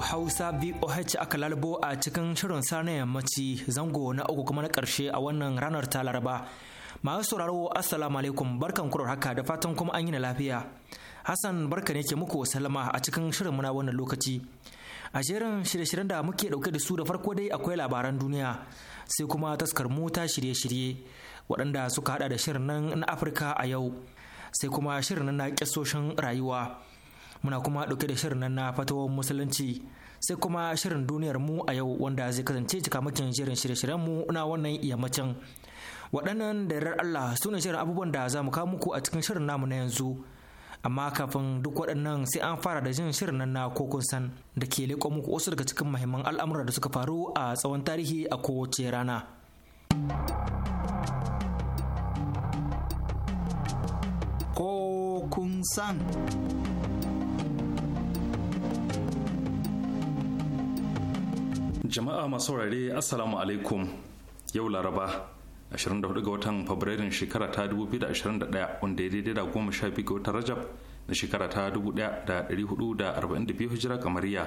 Hausa VOH aka lalbo a cikin shirin sana yammaci zango na uku kuma na karshe a wannan ranar ta Laraba. Masu sauraro Assalamu alaikum barkan kurar haka da fatan kuma an yi na lafiya. Hassan barka ne ke muku salama a cikin shirin muna wannan lokaci. A jerin shirye-shiryen da muke ɗauke da su da farko dai akwai labaran duniya sai kuma taskar mota shirye-shirye waɗanda suka hada da shirin nan na Afirka a yau sai kuma shirin na ƙasoshin rayuwa. muna kuma ɗauke da shirin nan na fatawar musulunci sai kuma shirin duniyar mu a yau wanda zai kasance cikamakin shirin shirye-shiryen mu na wannan yammacin waɗannan da yarar Allah su shirin abubuwan da za mu kawo muku a cikin shirin namu na yanzu amma kafin duk waɗannan sai an fara da jin shirin nan na kokun san da ke leƙo muku wasu daga cikin mahimman al'amura da suka faru a tsawon tarihi a kowace rana. Kokun san. jama'a masu wurare, assalamu alaikum yau laraba 24 ga watan fabrairun shekara ta 2021 wanda ya daidai da goma sha biyu ga watan rajab na shekara ta 1442 hijira kamariya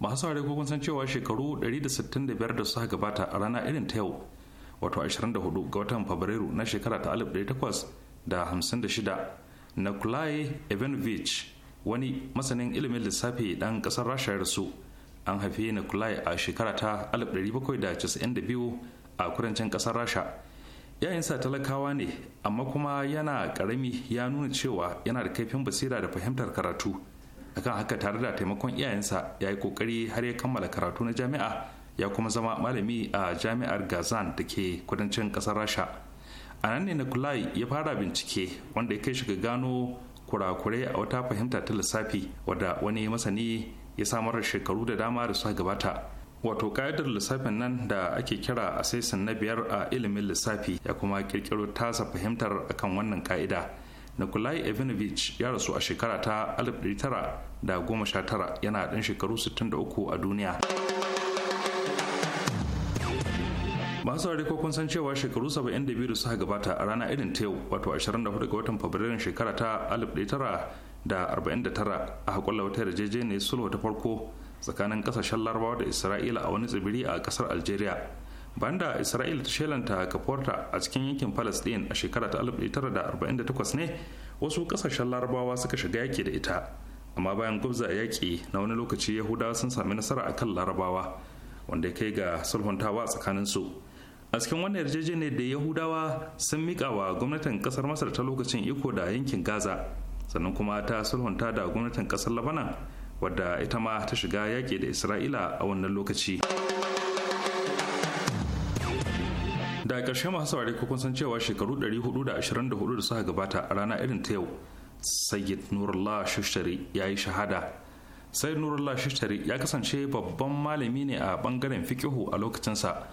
masu saurari ko san cewa shekaru 165 da suka gabata a rana irin ta yau wato 24 ga watan fabrairu na shekara ta 1856 Kulaye evanovich wani masanin ilimin lissafi dan kasar rasha ya rasu an na nikolai a shekara ta 1792 a kudancin ƙasar rasha yayinsa talakawa ne amma kuma yana karami ya nuna cewa yana da kaifin basira da fahimtar karatu akan haka tare da taimakon iyayensa ya yi kokari har ya kammala karatu na jami'a ya kuma zama malami a jami'ar gazan da ke kudancin ƙasar rasha a nan ne nikolai ya fara bincike wanda ya kai shi ga gano kurakurai a wata fahimta ta lissafi wadda wani masani ya samar da shekaru da dama da suka gabata wato ka'idar lissafin nan da ake kira sesin na biyar a ilimin lissafi ya kuma kirkiro tasa fahimtar akan wannan ka'ida nikolai evinovich ya rasu a shekara ta 1919 yana ɗan shekaru 63 a duniya masu saurari ko kun san cewa shekaru 72 da suka gabata a rana irin ta yau wato 24 ga watan fabrairun shekara ta 1900 da 49 a kulla wata yarjejeniyar sulhu ta farko tsakanin ƙasashen larabawa da isra'ila a wani tsibiri a kasar algeria da isra'ila ta shelanta kafuwarta a cikin yankin palestine a shekara ta 1948 ne wasu ƙasashen larabawa suka shiga yaki da ita amma bayan gwabza yaki na wani lokaci yahudawa sun sami nasara a kan larabawa wanda ya kai ga sulhuntawa tsakanin su a cikin wannan yarjejeniyar da yahudawa sun mika wa gwamnatin ƙasar masar ta lokacin iko da yankin gaza sannan kuma ta sulhunta da gwamnatin kasar labanan wadda ita ma ta shiga yaƙi da isra'ila a wannan lokaci da ƙarshe masu saurari kun san cewa shekaru 424 da suka gabata a rana irin ta yau sayyid nurullah shushtari ya yi shahada sayyid nurullah shushtari ya kasance babban malami ne a bangaren fikihu a lokacinsa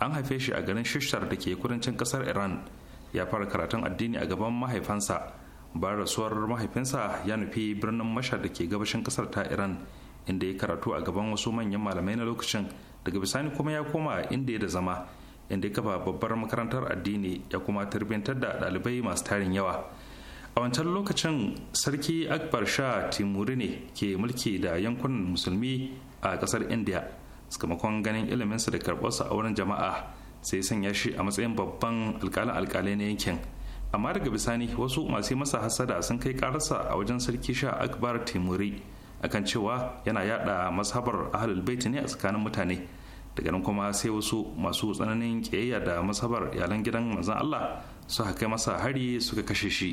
an haife shi a garin shushtar da ke kudancin kasar iran ya fara karatun addini a gaban mahaifansa bayan rasuwar mahaifinsa ya nufi birnin mashar da ke gabashin kasar ta iran inda ya karatu a gaban wasu manyan malamai na lokacin daga bisani kuma ya koma inda ya da zama inda ya kafa babbar makarantar addini ya kuma tarbintar da ɗalibai masu tarin yawa a wancan lokacin sarki akbar sha timuri ne ke mulki da yankunan musulmi a ƙasar india sakamakon ganin iliminsa da karɓarsa a wurin jama'a sai sanya shi a matsayin babban alƙalin alƙalai na yankin amma daga bisani wasu masu masa hasada sun kai karasa a wajen sarki sha akbar timuri akan cewa yana yada mashabar ahlul bait ne a tsakanin mutane daga nan kuma sai wasu masu tsananin kiyayya da mashabar iyalan gidan manzon Allah suka kai masa hari suka kashe shi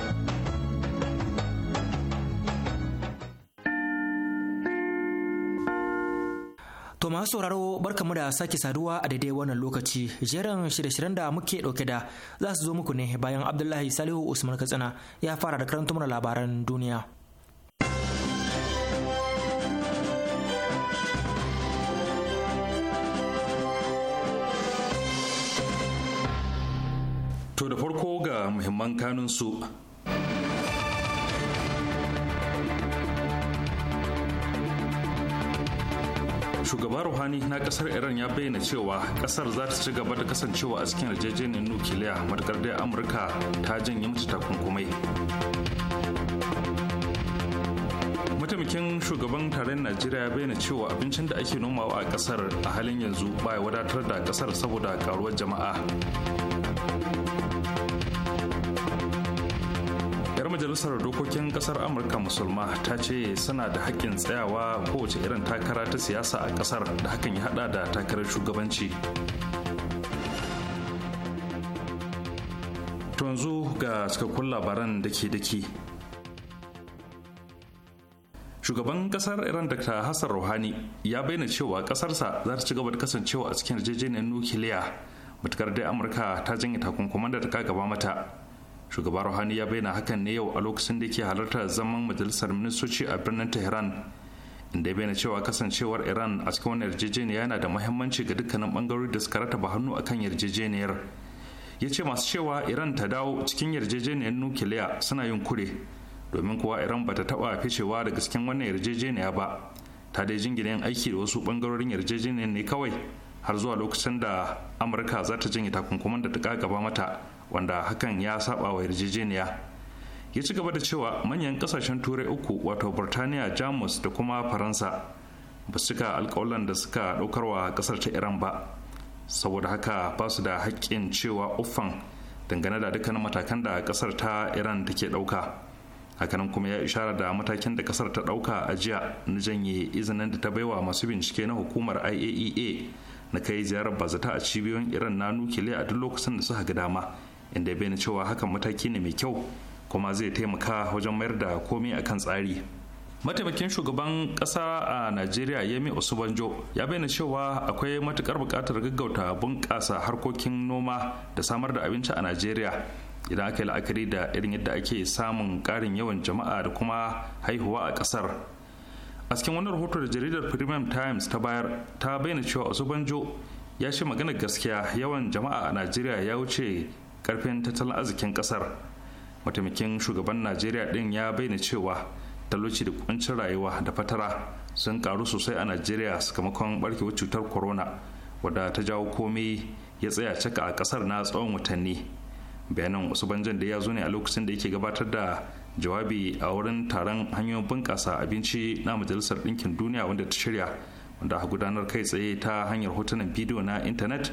masu sauraro barkamu da sake saduwa a daidai wannan lokaci jerin shirye-shiryen da muke dauke da za su zo muku ne bayan Abdullahi Salihu Usman Katsina ya fara da karanta mana labaran duniya. To da farko ga muhimman kanunsu shugaban ruhani na kasar iran ya bayyana cewa kasar za ta ci gaba da kasancewa a cikin yarjejeniyar nukiliya matakar da amurka ta janye mata takunkumai mataimakin shugaban taron najeriya ya bayyana cewa abincin da ake nomawa a kasar a halin yanzu ba ya wadatar da kasar saboda karuwar jama'a majalisar dokokin kasar amurka musulma ta ce suna da haƙƙin tsayawa kowace irin takara ta siyasa a kasar da hakan ya hada da takarar shugabanci yanzu ga cikakkun labaran ke daki shugaban kasar iran dr hassan rouhani ya bayyana cewa kasarsa za ta ci gaba da kasancewa a cikin yarjejeniyar nukiliya matukar dai amurka ta janye takunkuman da ta gaba mata shugaba ruhani ya bayyana hakan ne yau a lokacin da ke halartar zaman majalisar ministoci a birnin tehran inda ya bayyana cewa kasancewar iran a cikin wani yarjejeniya yana da muhimmanci ga dukkanin bangarori da suka rataba hannu akan yarjejeniyar ya ce masu cewa iran ta dawo cikin yarjejeniyar nukiliya suna yin kure domin kuwa iran bata taba ficewa daga cikin wannan yarjejeniya ba ta dai jingina aiki da wasu bangarorin yarjejeniyar ne kawai har zuwa lokacin da amurka za ta janye takunkuman da ta gaba mata wanda hakan ya saba wa yarjejeniya ya ci gaba da cewa manyan kasashen turai uku wato burtaniya jamus da kuma faransa ba su cika alkawalan da suka wa kasar ta iran ba saboda haka ba su da haƙƙin cewa uffan dangane da dukkanin matakan da kasar ta iran take dauka hakanan kuma ya ishara da matakin da kasar ta dauka a jiya na janye izinin da ta baiwa masu bincike na hukumar iaea e na kai ziyarar bazata a cibiyoyin iran na nukiliya a duk lokacin da suka ga dama inda ya bayyana cewa hakan mataki ne mai kyau kuma zai taimaka wajen mayar da komai a kan tsari mataimakin shugaban kasa a najeriya yemi osubanjo ya bayyana cewa akwai matukar bukatar gaggauta bunƙasa harkokin noma da samar da abinci a najeriya idan aka yi la'akari da irin yadda ake samun ƙarin yawan jama'a da kuma haihuwa a ƙasar a cikin wani rahoto da jaridar premium times ta bayar ta bayyana cewa osubanjo ya ce maganar gaskiya yawan jama'a a najeriya ya wuce karfin tattalin arzikin kasar mataimakin shugaban najeriya din ya bayyana cewa talauci da kuncin rayuwa da fatara sun karu sosai a najeriya sakamakon barkewar cutar corona wadda ta jawo komai ya tsaya caka a kasar na tsawon watanni bayanan wasu banjan da ya zo ne a lokacin da yake gabatar da jawabi a wurin taron hanyoyin bunƙasa abinci na majalisar ɗinkin duniya wanda ta shirya wanda a gudanar kai tsaye ta hanyar hotunan bidiyo na intanet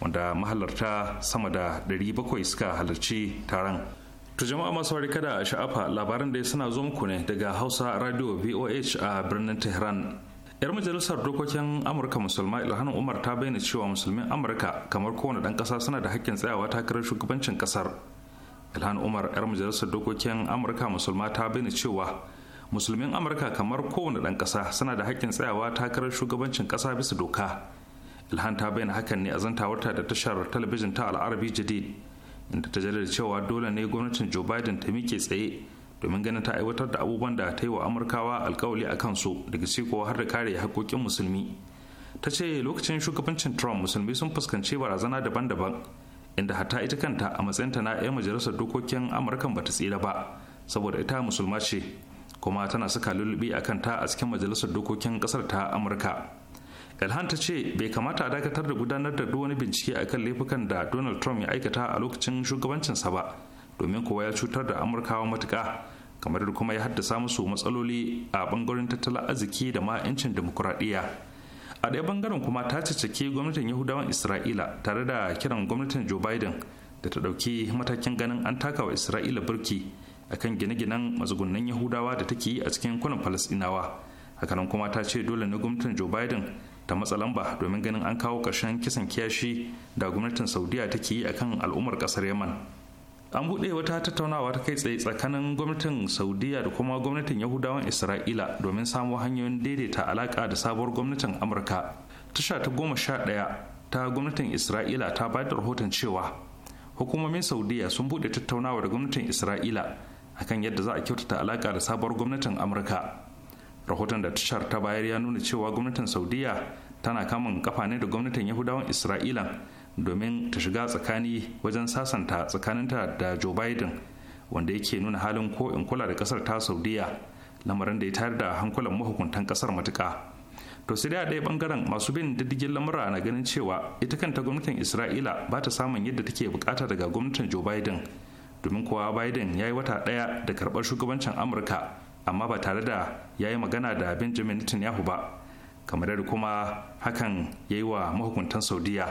wanda mahalarta sama da 700 suka halarci taron To jama'a masu kada a sha'afa labaran da suna zo muku ne daga Hausa Radio VOH a birnin Tehran. Yar majalisar dokokin Amurka Musulma Ilhan Umar ta bayyana cewa musulmin Amurka kamar kowane ɗan ƙasa suna da hakkin tsayawa takarar shugabancin ƙasar. Ilhan Umar yar majalisar dokokin Amurka Musulma ta bayyana cewa musulmin Amurka kamar kowane ɗan ƙasa suna da hakkin tsayawa takarar shugabancin ƙasa bisa doka. ilhan ta bayyana hakan ne a zantawarta da tashar talabijin ta al'arabi jadid inda ta jaddada cewa dole ne gwamnatin joe biden ta miƙe tsaye domin ganin ta aiwatar da abubuwan da ta yi wa amurkawa alkawali a kansu daga siko har da kare haƙoƙin musulmi ta ce lokacin shugabancin trump musulmi sun fuskanci barazana daban-daban inda hatta ita kanta a ta na 'yan majalisar dokokin amurkan bata tsira ba saboda ita musulma ce kuma tana saka lulluɓi a kanta a cikin majalisar dokokin ƙasar ta amurka elhan ta ce bai kamata a dakatar da gudanar da duk wani bincike akan laifukan da Donald Trump ya aikata a lokacin shugabancinsa ba domin kowa ya cutar da Amurkawa matuka kamar da kuma ya haddasa musu matsaloli a bangaren tattalin arziki da ma 'yancin demokuraɗiyya. A ɗaya bangaren kuma ta cicike gwamnatin Yahudawan Isra'ila tare da kiran gwamnatin Joe Biden da ta ɗauki matakin ganin an taka wa Isra'ila birki akan gine-ginen matsugunan Yahudawa da take yi a cikin kwanan Falasɗinawa. Hakanan kuma ta ce dole ne gwamnatin Joe Biden ta matsalamba domin ganin an kawo ƙarshen kisan kiyashi da gwamnatin saudiya take yi akan al'ummar ƙasar yaman an buɗe wata tattaunawa ta kai tsaye tsakanin gwamnatin saudiya da kuma gwamnatin yahudawan isra'ila domin samo hanyoyin daidaita alaƙa da sabuwar gwamnatin amurka tasha ta goma sha ɗaya ta gwamnatin isra'ila ta bayar da rahoton cewa hukumomin saudiya sun buɗe tattaunawa da gwamnatin isra'ila akan yadda za a kyautata alaƙa da sabuwar gwamnatin amurka rahoton da tashar ta bayar ya nuna cewa gwamnatin saudiya tana kamun kafa ne da gwamnatin yahudawan isra'ila domin ta shiga tsakani wajen sasanta tsakaninta da joe biden wanda yake nuna halin ko in kula da kasar ta saudiya lamarin da ya tayar da hankulan mahukuntan kasar matuka to sai dai a ɗaya bangaren masu bin diddigin lamura na ganin cewa ita kanta gwamnatin isra'ila ba ta samun yadda take bukata daga gwamnatin joe biden domin kuwa biden ya yi wata ɗaya da karɓar shugabancin amurka amma ba tare da ya yi magana da benjamin netanyahu ba kamar da kuma hakan ya yi wa mahukuntan saudiya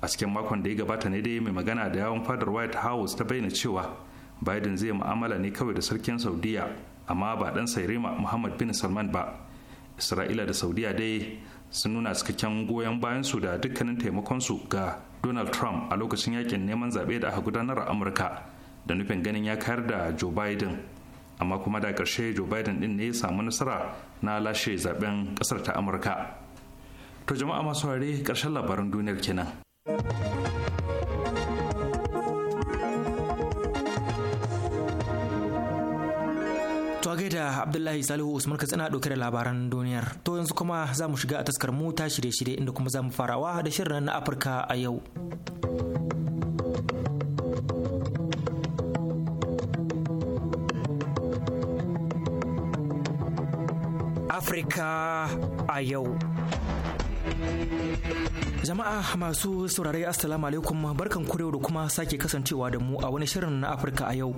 a cikin makon da ya gabata ne dai mai magana da yawon fadar white house ta bayyana cewa biden zai mu'amala ne kawai da sarkin saudiya amma ba dan sairema muhammad bin salman ba isra'ila da saudiya dai sun nuna cikakken goyon bayan su da dukkanin taimakon su ga donald trump a lokacin yakin neman zaɓe da aka gudanar a amurka da nufin ganin ya kayar da joe biden amma kuma da ƙarshe joe biden din ne ya samu nasara na lashe zaben ƙasar ta amurka to jama'a masu ware ƙarshen labaran duniyar kenan To gaida Abdullahi Salihu Usman Katsina ɗauke da labaran duniyar. To yanzu kuma za mu shiga a taskar mu ta shirye-shirye inda kuma za mu farawa da shirin na Afirka a yau. Africa, a Jama'a masu saurare Assalamu alaikum barkan kurewa da kuma sake kasancewa da mu a wani shirin na Afirka a yau.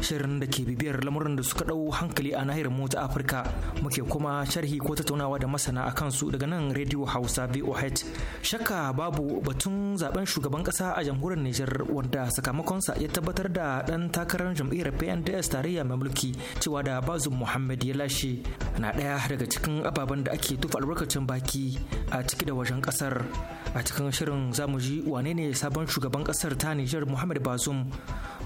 Shirin da ke bibiyar lamurin da suka ɗau hankali a nahiyar mu ta Afirka muke kuma sharhi ko tattaunawa da masana a kansu daga nan Radio Hausa VOH. Shakka babu batun zaben shugaban kasa a jamhuriyar Nijar wanda sakamakonsa ya tabbatar da ɗan takarar jam'iyyar PNDS tarayya mai mulki cewa da Bazum Muhammad ya lashe na ɗaya daga cikin ababen da ake tufa albarkacin baki a ciki da wajen kasar a cikin shirin zamu ji wane ne sabon shugaban kasar ta Nijar Muhammad Bazoum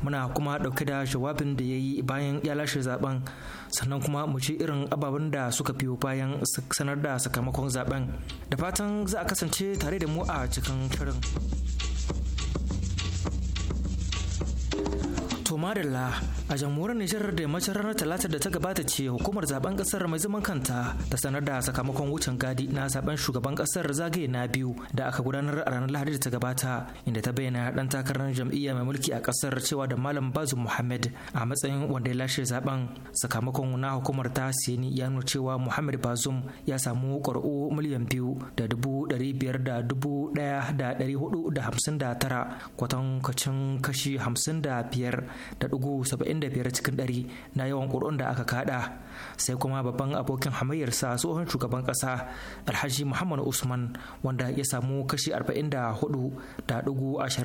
muna kuma dauke da jawabin da ya yi bayan ya lashe zaben sannan kuma mu ji irin ababen da suka fiyo bayan sanar da sakamakon zaben da fatan za a kasance tare da mu a cikin shirin. To madalla a jamhuriyar Nijar da yammacin ranar talata da ta gabata ce hukumar zaben kasar mai zaman kanta ta sanar da sakamakon wucin gadi na zaben shugaban kasar zagaye na biyu da aka gudanar a ranar Lahadi da ta gabata inda ta bayyana dan takarar jam'iyya mai mulki a kasar cewa da Malam Bazu Muhammad a matsayin wanda ya lashe zaben sakamakon na hukumar ta Sini ya nuna cewa Muhammad Bazum ya samu ƙuri'u miliyan biyu da dubu ɗari biyar da dubu ɗaya da ɗari hudu da hamsin da tara kwatankacin kashi hamsin da biyar da da biyar cikin dari na yawan ƙuri'un da aka kaɗa sai kuma babban abokin hamayyarsa tsohon shugaban ƙasa alhaji muhammad usman wanda ya samu kashi arba'in da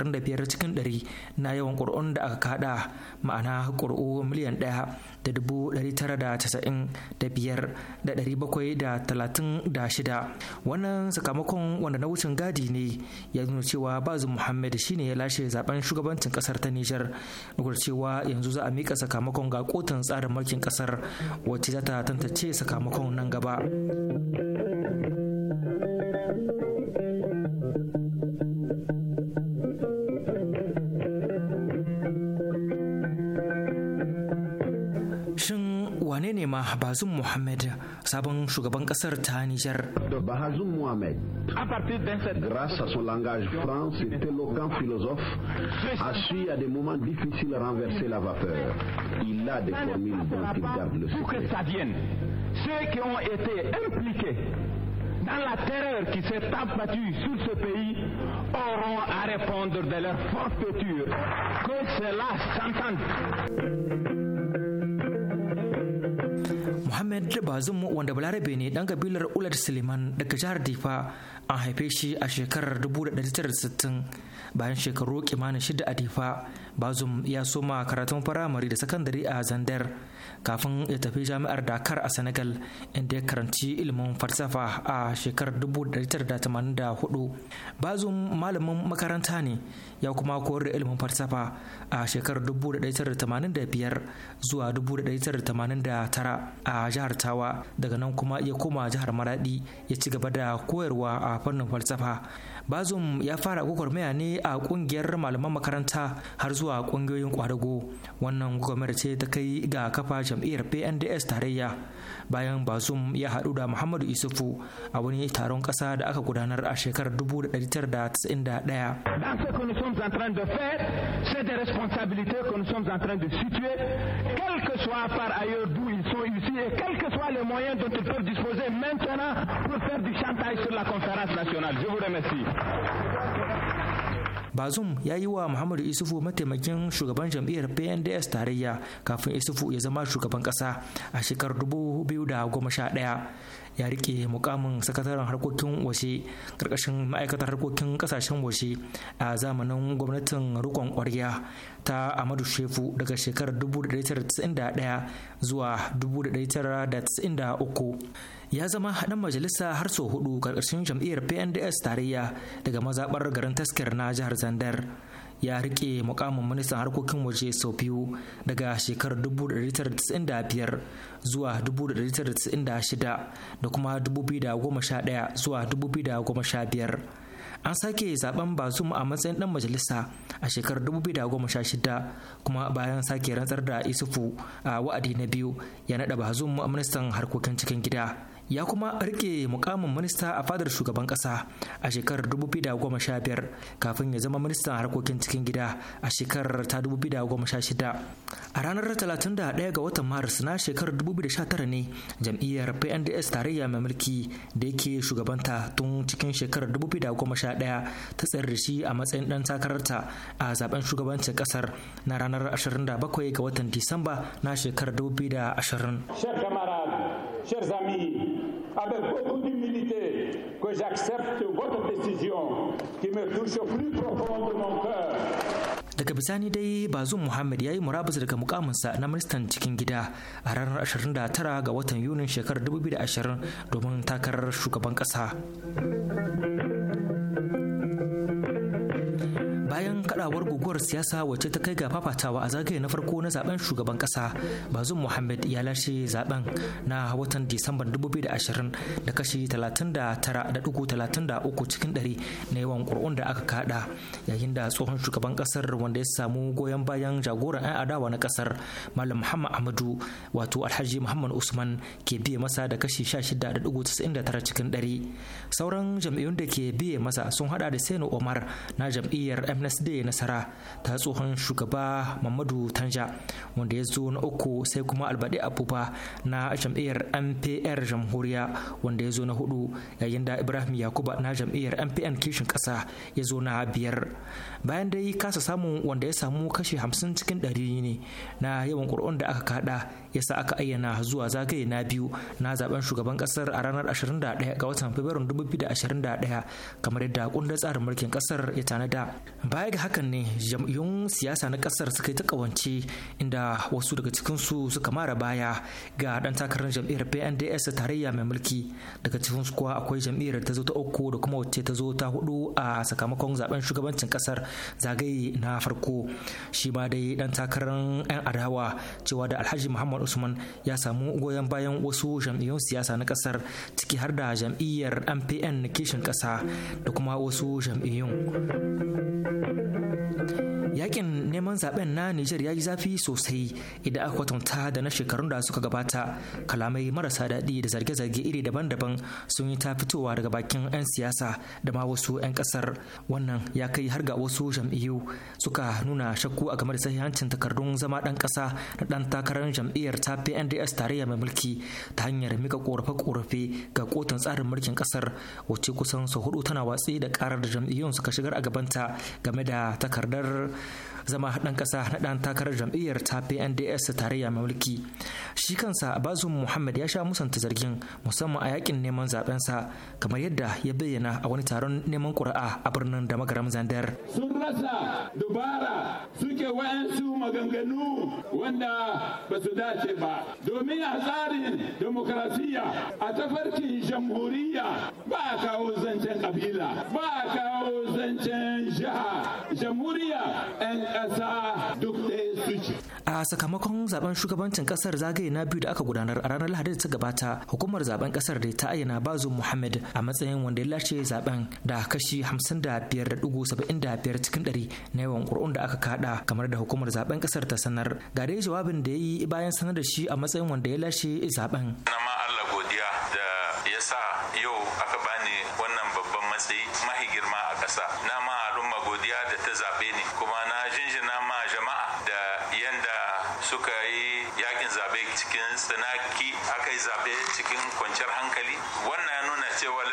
da biyar cikin dari na yawan ƙuri'un da aka kaɗa ma'ana ƙuri'u miliyan ɗaya da dubu ɗari tara da casa'in da biyar da ɗari bakwai da talatin da shida wannan sakamakon wanda na wucin gadi ne ya nuna cewa bazu muhammad shine ya lashe zaben shugabancin kasar ta nijar nukar cewa yanzu za a mika sakamakon ga kotun tsarin mulkin kasar wacce za ta tantance sakamakon nan gaba wane bazum sabon shugaban kasar grâce à son langage franc cet éloquent philosophe a su à des moments difficiles renverser la vapeur il a des formules dont il garde le pour que ça vienne ceux qui ont été impliqués dans la terreur qui s'est abattue sur ce pays auront à répondre de leur forfaiture. Que cela s'entende. Muhammad Bazum wanda Balarabe ne dan kabilar Ulad Suleiman daga jihar Difa an haife shi a shekarar 1960 bayan shekaru kimanin shida a Difa Bazum ya soma karatun firamare da sakandare a Zandar kafin ya tafi jami'ar dakar a senegal inda ya karanci ilimin falsafa a shekarar 1984 bazum malamin makaranta ne ya kuma koyar da ilimin falsafa a shekarar 1985 zuwa 1989 a jihar tawa daga nan kuma ya koma jihar maradi ya ci gaba da koyarwa a fannin falsafa bazum ya fara gwagwarmaya ne a kungiyar malaman makaranta har zuwa kungiyoyin kwadago wannan gwamnati ta kai ga kafa kafa jam'iyyar pnds tarayya bayan bazum ya haɗu da muhammadu isufu a wani taron ƙasa da aka gudanar a shekarar 1991 Dans ce que nous sommes en train de faire, c'est des responsabilités que nous sommes en train de situer, quel que soit par ailleurs d'où ils sont ici et quels que soit les moyens dont ils peuvent disposer maintenant pour faire du chantage sur la conférence nationale. Je vous remercie. bazum ya yi wa muhammadu isufu mataimakin shugaban jam'iyyar pnds tarayya kafin isufu ya zama shugaban kasa a shekarar 2011 ya rike mukamin sakataren harkokin waje karkashin ma'aikatar harkokin kasashen waje a zamanin gwamnatin rikon kwarya ta amadu shefu daga shekarar 1991 zuwa 1993 ya zama haɗin majalisa har sau hudu ƙarƙashin jam'iyyar pnds tarayya daga mazaɓar garin taskar na jihar zandar ya riƙe muƙamin ministan harkokin waje sau biyu daga shekarar 1995 zuwa 1996 da kuma 2011 zuwa 2015 an sake zaben bazum a matsayin ɗan majalisa a shekarar 2016 kuma bayan sake rantsar da isufu a wa'adi na biyu ya nada bazum ministan harkokin cikin gida ya kuma rike mukamin minista a fadar shugaban kasa a shekarar 2015 kafin ya zama ministan harkokin cikin gida a shekarar ta 2016 a ranar 31 ga watan maris na shekarar 2019 ne jam'iyyar pnds tarayya mai mulki da yake shugabanta tun cikin shekarar 2011 ta tsayar shi a matsayin dan takararta a zaben shugabancin kasar na ranar 27 ga watan disamba na shekarar 2020 avec beaucoup d'humilité, que j'accepte votre décision qui me touche au plus profond de mon cœur. daga bisani dai bazum muhammad ya yi murabus daga mukaminsa na ministan cikin gida a ranar 29 ga watan yunin shekarar 2020 domin takarar shugaban kasa. bayan kadawar guguwar siyasa wacce ta kai ga fafatawa a zagaye na farko na zaben shugaban kasa bazum muhammad ya lashe zaben na watan disamba 2020 da kashi 39.33 cikin 100 na yawan kur'un da aka kada yayin da tsohon shugaban kasar wanda ya samu goyon bayan jagoran 'yan adawa na kasar malam muhammad ahmadu wato alhaji muhammad usman ke biye masa da kashi 16.99 cikin 100 sauran jam'iyyun da ke biye masa sun hada da seno omar na jam'iyyar mns Wednesday nasara ta tsohon shugaba Mamadu Tanja wanda ya zo na uku sai kuma Albade Abuba na jam'iyyar MPR jamhuriya wanda ya zo na hudu yayin da Ibrahim Yakuba na jam'iyyar MPN kishin ƙasa ya zo na biyar. bayan dai kasa samun wanda ya samu kashe hamsin cikin ɗari ne na yawan ƙuri'un da aka kaɗa ya sa aka ayyana zuwa zagaye na biyu na zaben shugaban ƙasar a ranar 21 ga watan fabrairun 2021 kamar yadda kundin tsarin mulkin ƙasar ya tanada baya ga hakan ne jam'iyyun siyasa na ƙasar suka yi ta ƙawance inda wasu daga cikinsu suka mara baya ga ɗan takarar jam'iyyar pnds tarayya mai mulki daga cikinsu kuwa akwai jam'iyyar ta zo ta uku da kuma wacce ta zo ta hudu a sakamakon zaben shugabancin ƙasar zagaye na farko shi ma dai dan takarar 'yan adawa cewa da alhaji muhammad usman ya samu goyon bayan wasu jam'iyyun siyasa na kasar ciki har da jam'iyyar mpn kishin kasa da kuma wasu jam'iyyun yakin neman zaben na Nijar ya yi zafi sosai idan aka kwatanta da na shekarun da suka gabata kalamai marasa daɗi da zarge-zarge iri daban-daban sun yi ta fitowa daga bakin 'yan siyasa da ma wasu 'yan ƙasar wannan ya kai har ga wasu su e jam'iyyu suka nuna shakku a game da sahihancin takardun zama ɗan ƙasa na ɗan takarar jam'iyyar ta PNDS tarayya mai mulki ta hanyar mika ƙorafe-ƙorafe ga kotun tsarin mulkin ƙasar wacce kusan sau hudu tana watsi da ƙarar da jam'iyyun suka shigar a gabanta game da takardar zama ɗan ƙasa na ɗan takarar jam'iyyar ta PNDS tarayya mai mulki. Shi kansa Bazum Muhammad ya sha musanta zargin musamman a yakin neman sa kamar yadda ya bayyana a wani taron neman ƙuri'a a birnin da magaram Zandar. Sun rasa dubara suke su maganganu wanda ba su dace ba domin a tsarin demokrasiya a tafarkin jamhuriya ba a kawo zancen kabila ba a kawo zancen jiha jamhuriya kasa duk ɗaya su ce. A sakamakon zaben shugabancin kasar zagaye na biyu da aka gudanar a ranar Lahadi da ta gabata, hukumar zaben kasar da ta ayyana Bazoum Muhammad a matsayin wanda ya lashe zaben da kashi 55.75 cikin 100 na yawan ƙuri'un da aka kada kamar da hukumar zaben kasar ta sanar. Ga dai jawabin da ya yi bayan sanar da shi a matsayin wanda ya lashe zaben. ma Allah godiya da ya sa yau aka bani wannan babban matsayi mahi girma a ƙasa. ma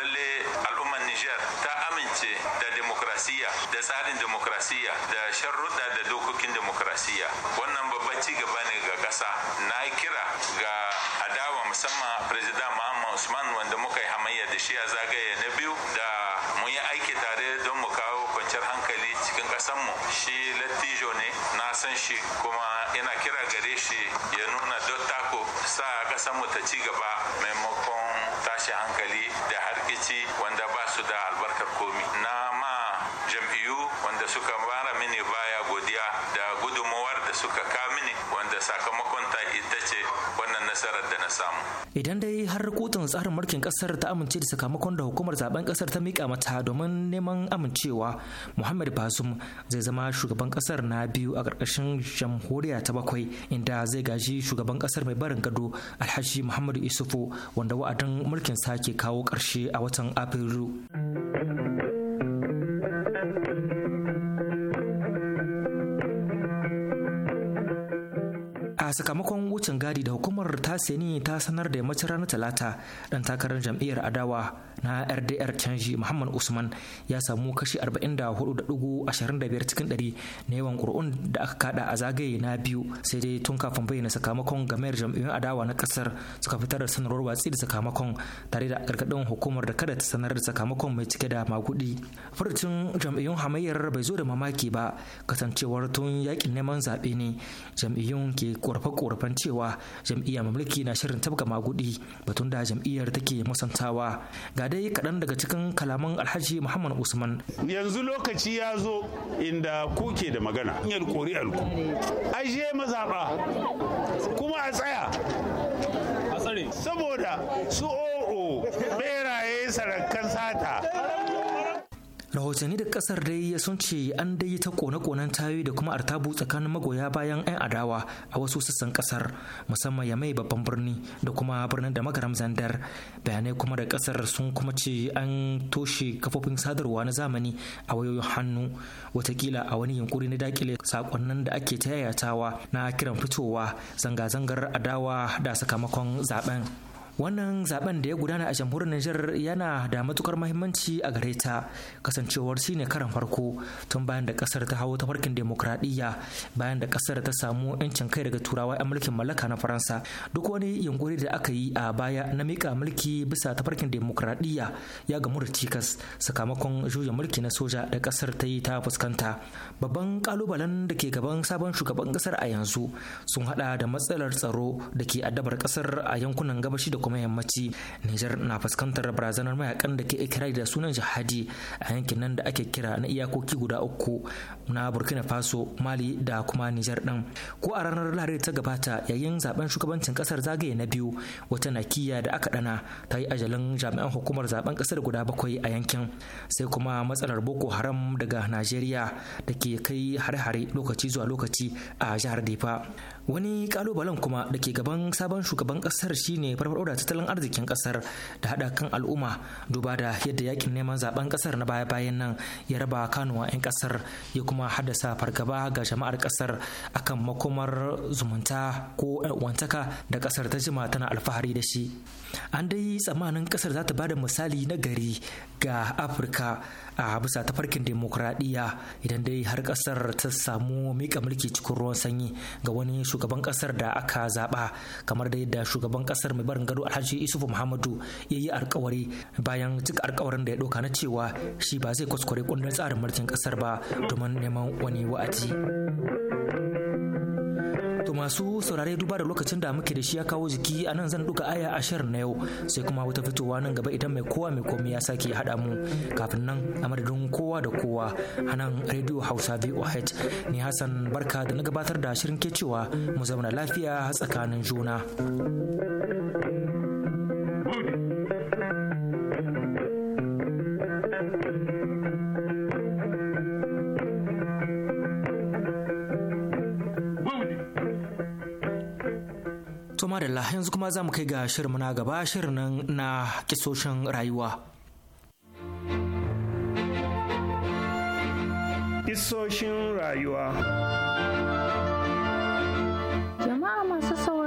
lalle al'ummar Nijar ta amince da demokrasiya da tsarin demokrasiya da sharruɗa da dokokin demokrasiya wannan babban ci gaba ne ga kasa na kira ga adawa musamman president Muhammad Usman wanda muka yi hamayya da shi a zagaye na biyu da mun yi aiki tare don mu kawo kwanciyar hankali cikin ƙasarmu shi lattijo ne na san shi kuma ina kira gare shi ya nuna dottako sa mu ta ci gaba maimakon tashi hankali da harkici wanda ba su da albarkar komi na idan dai har kotun tsarin mulkin kasar ta amince da sakamakon da hukumar zaben kasar ta mika mata domin neman amincewa muhammad basum zai zama shugaban kasar na biyu a ƙarƙashin jamhuriya ta bakwai inda zai gaji shugaban kasar mai barin gado alhaji muhammadu isufu wanda wa'adin mulkin sa ke kawo ƙarshe a watan afrilu a sakamakon wucin gadi da hukumar ta seni ta sanar da yammacin ranar talata dan takarar jam'iyyar adawa na rdr canji muhammad usman ya samu kashi 44.25 cikin 100 na yawan ƙuri'un da aka kada a zagaye na biyu sai dai tun kafin bayyana sakamakon gamayar jam'iyyun adawa na kasar suka fitar da sanarwar watsi da sakamakon tare da gargaɗin hukumar da kada ta sanar da sakamakon mai cike da magudi furucin jam'iyyun hamayyar bai zo da mamaki ba kasancewar tun yakin neman zaɓe ne jam'iyyun ke korafe-korafen cewa jam'iyyar mamlaki na shirin tabga magudi batun da jam'iyyar take musantawa ga dai kaɗan daga cikin kalaman alhaji muhammad usman yanzu lokaci ya zo inda kuke da magana yar kori alku aje mazaɓa kuma a tsaya saboda su o'o beraye saraka rahotanni da kasar dai ya sun ce an dai ta kone-konen tayoyi da kuma artabu tsakanin magoya bayan 'yan adawa a wasu sassan kasar musamman ya mai babban birni da kuma birnin da magaram zandar bayanai kuma da kasar sun kuma ce an toshe kafofin sadarwa na zamani a wayoyin hannu watakila a wani yunkuri na dakile sakonnin da ake ta yayatawa na kiran fitowa zanga-zangar adawa da sakamakon zaben wannan zaben da ya gudana a jamhuriyar Nijar yana da matukar mahimmanci a gare ta kasancewar shine karan farko tun bayan da kasar ta hawo tafarkin demokradiyya bayan da kasar ta samu yancin kai daga turawa 'yan mulkin mallaka na Faransa duk wani yunkuri da aka yi a baya na mika mulki bisa tafarkin demokradiyya ya gamu da cikas sakamakon juya mulki na soja da kasar ta yi ta fuskanta babban kalubalen da ke gaban sabon shugaban kasar a yanzu sun hada da matsalar tsaro da ke addabar kasar a yankunan gabashi da kuma yammaci Nijar na fuskantar barazanar mayakan da ke ikirari da sunan jihadi a yankin nan da ake kira na iyakoki guda uku na Burkina Faso, Mali da kuma Nijar ɗin. Ko a ranar Lahadi ta gabata yayin zaben shugabancin kasar zagaye na biyu wata nakiya da aka dana ta yi ajalin jami'an hukumar zaben kasar guda bakwai a yankin sai kuma matsalar Boko Haram daga Najeriya da ke kai hare-hare lokaci zuwa lokaci a jihar Difa. wani kalubalen kuma da ke gaban sabon shugaban kasar shine farfaɗo da tattalin arzikin kasar da hada kan al'umma duba da yadda yakin neman zaben kasar na baya-bayan nan ya raba kanuwa 'yan kasar ya kuma haddasa fargaba ga jama'ar kasar akan makomar zumunta ko wantaka da kasar ta jima tana alfahari da shi an dai tsammanin kasar za ta bada misali na gari ga afirka a bisa farkin demokradiyya idan dai har kasar ta samu mika mulki cikin ruwan sanyi ga wani shugaban kasar da aka zaba kamar da yadda shugaban kasar mai barin gado alhaji isufu muhammadu ya yi alkawari bayan cika alkawarin da ya ɗauka na cewa shi ba zai kuskure kundin tsarin mulkin kasar ba domin neman wani wa'adi. To masu saurare duba da lokacin da muke da shi ya kawo jiki a nan zan duka aya ashar na yau sai kuma wata fitowa nan gaba idan mai kowa mai komai ya sake haɗa mu kafin nan a madadin kowa da kowa a nan Radio Hausa VOH ni Hassan barka da na gabatar da shirin ke cewa mu zauna lafiya tsakanin juna. da da yanzu kuma za mu kai ga shirin na gaba shirin nan na kisoshin rayuwa. Kisoshin rayuwa. Jama'a masu sauraro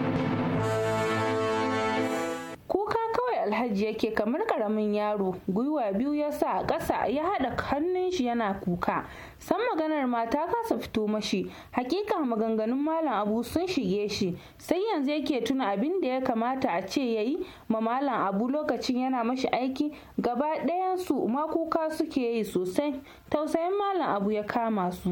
alhaji yake kamar karamin yaro gwiwa biyu ya sa a ƙasa ya haɗa hannun shi yana kuka san maganar mata kasa fito mashi hakika maganganun malam abu sun shige shi sai yanzu yake tuna abin da ya kamata a ce ya yi ma malam abu lokacin yana mashi aiki gaba ɗayansu makuka suke yi sosai tausayin malam abu ya kama su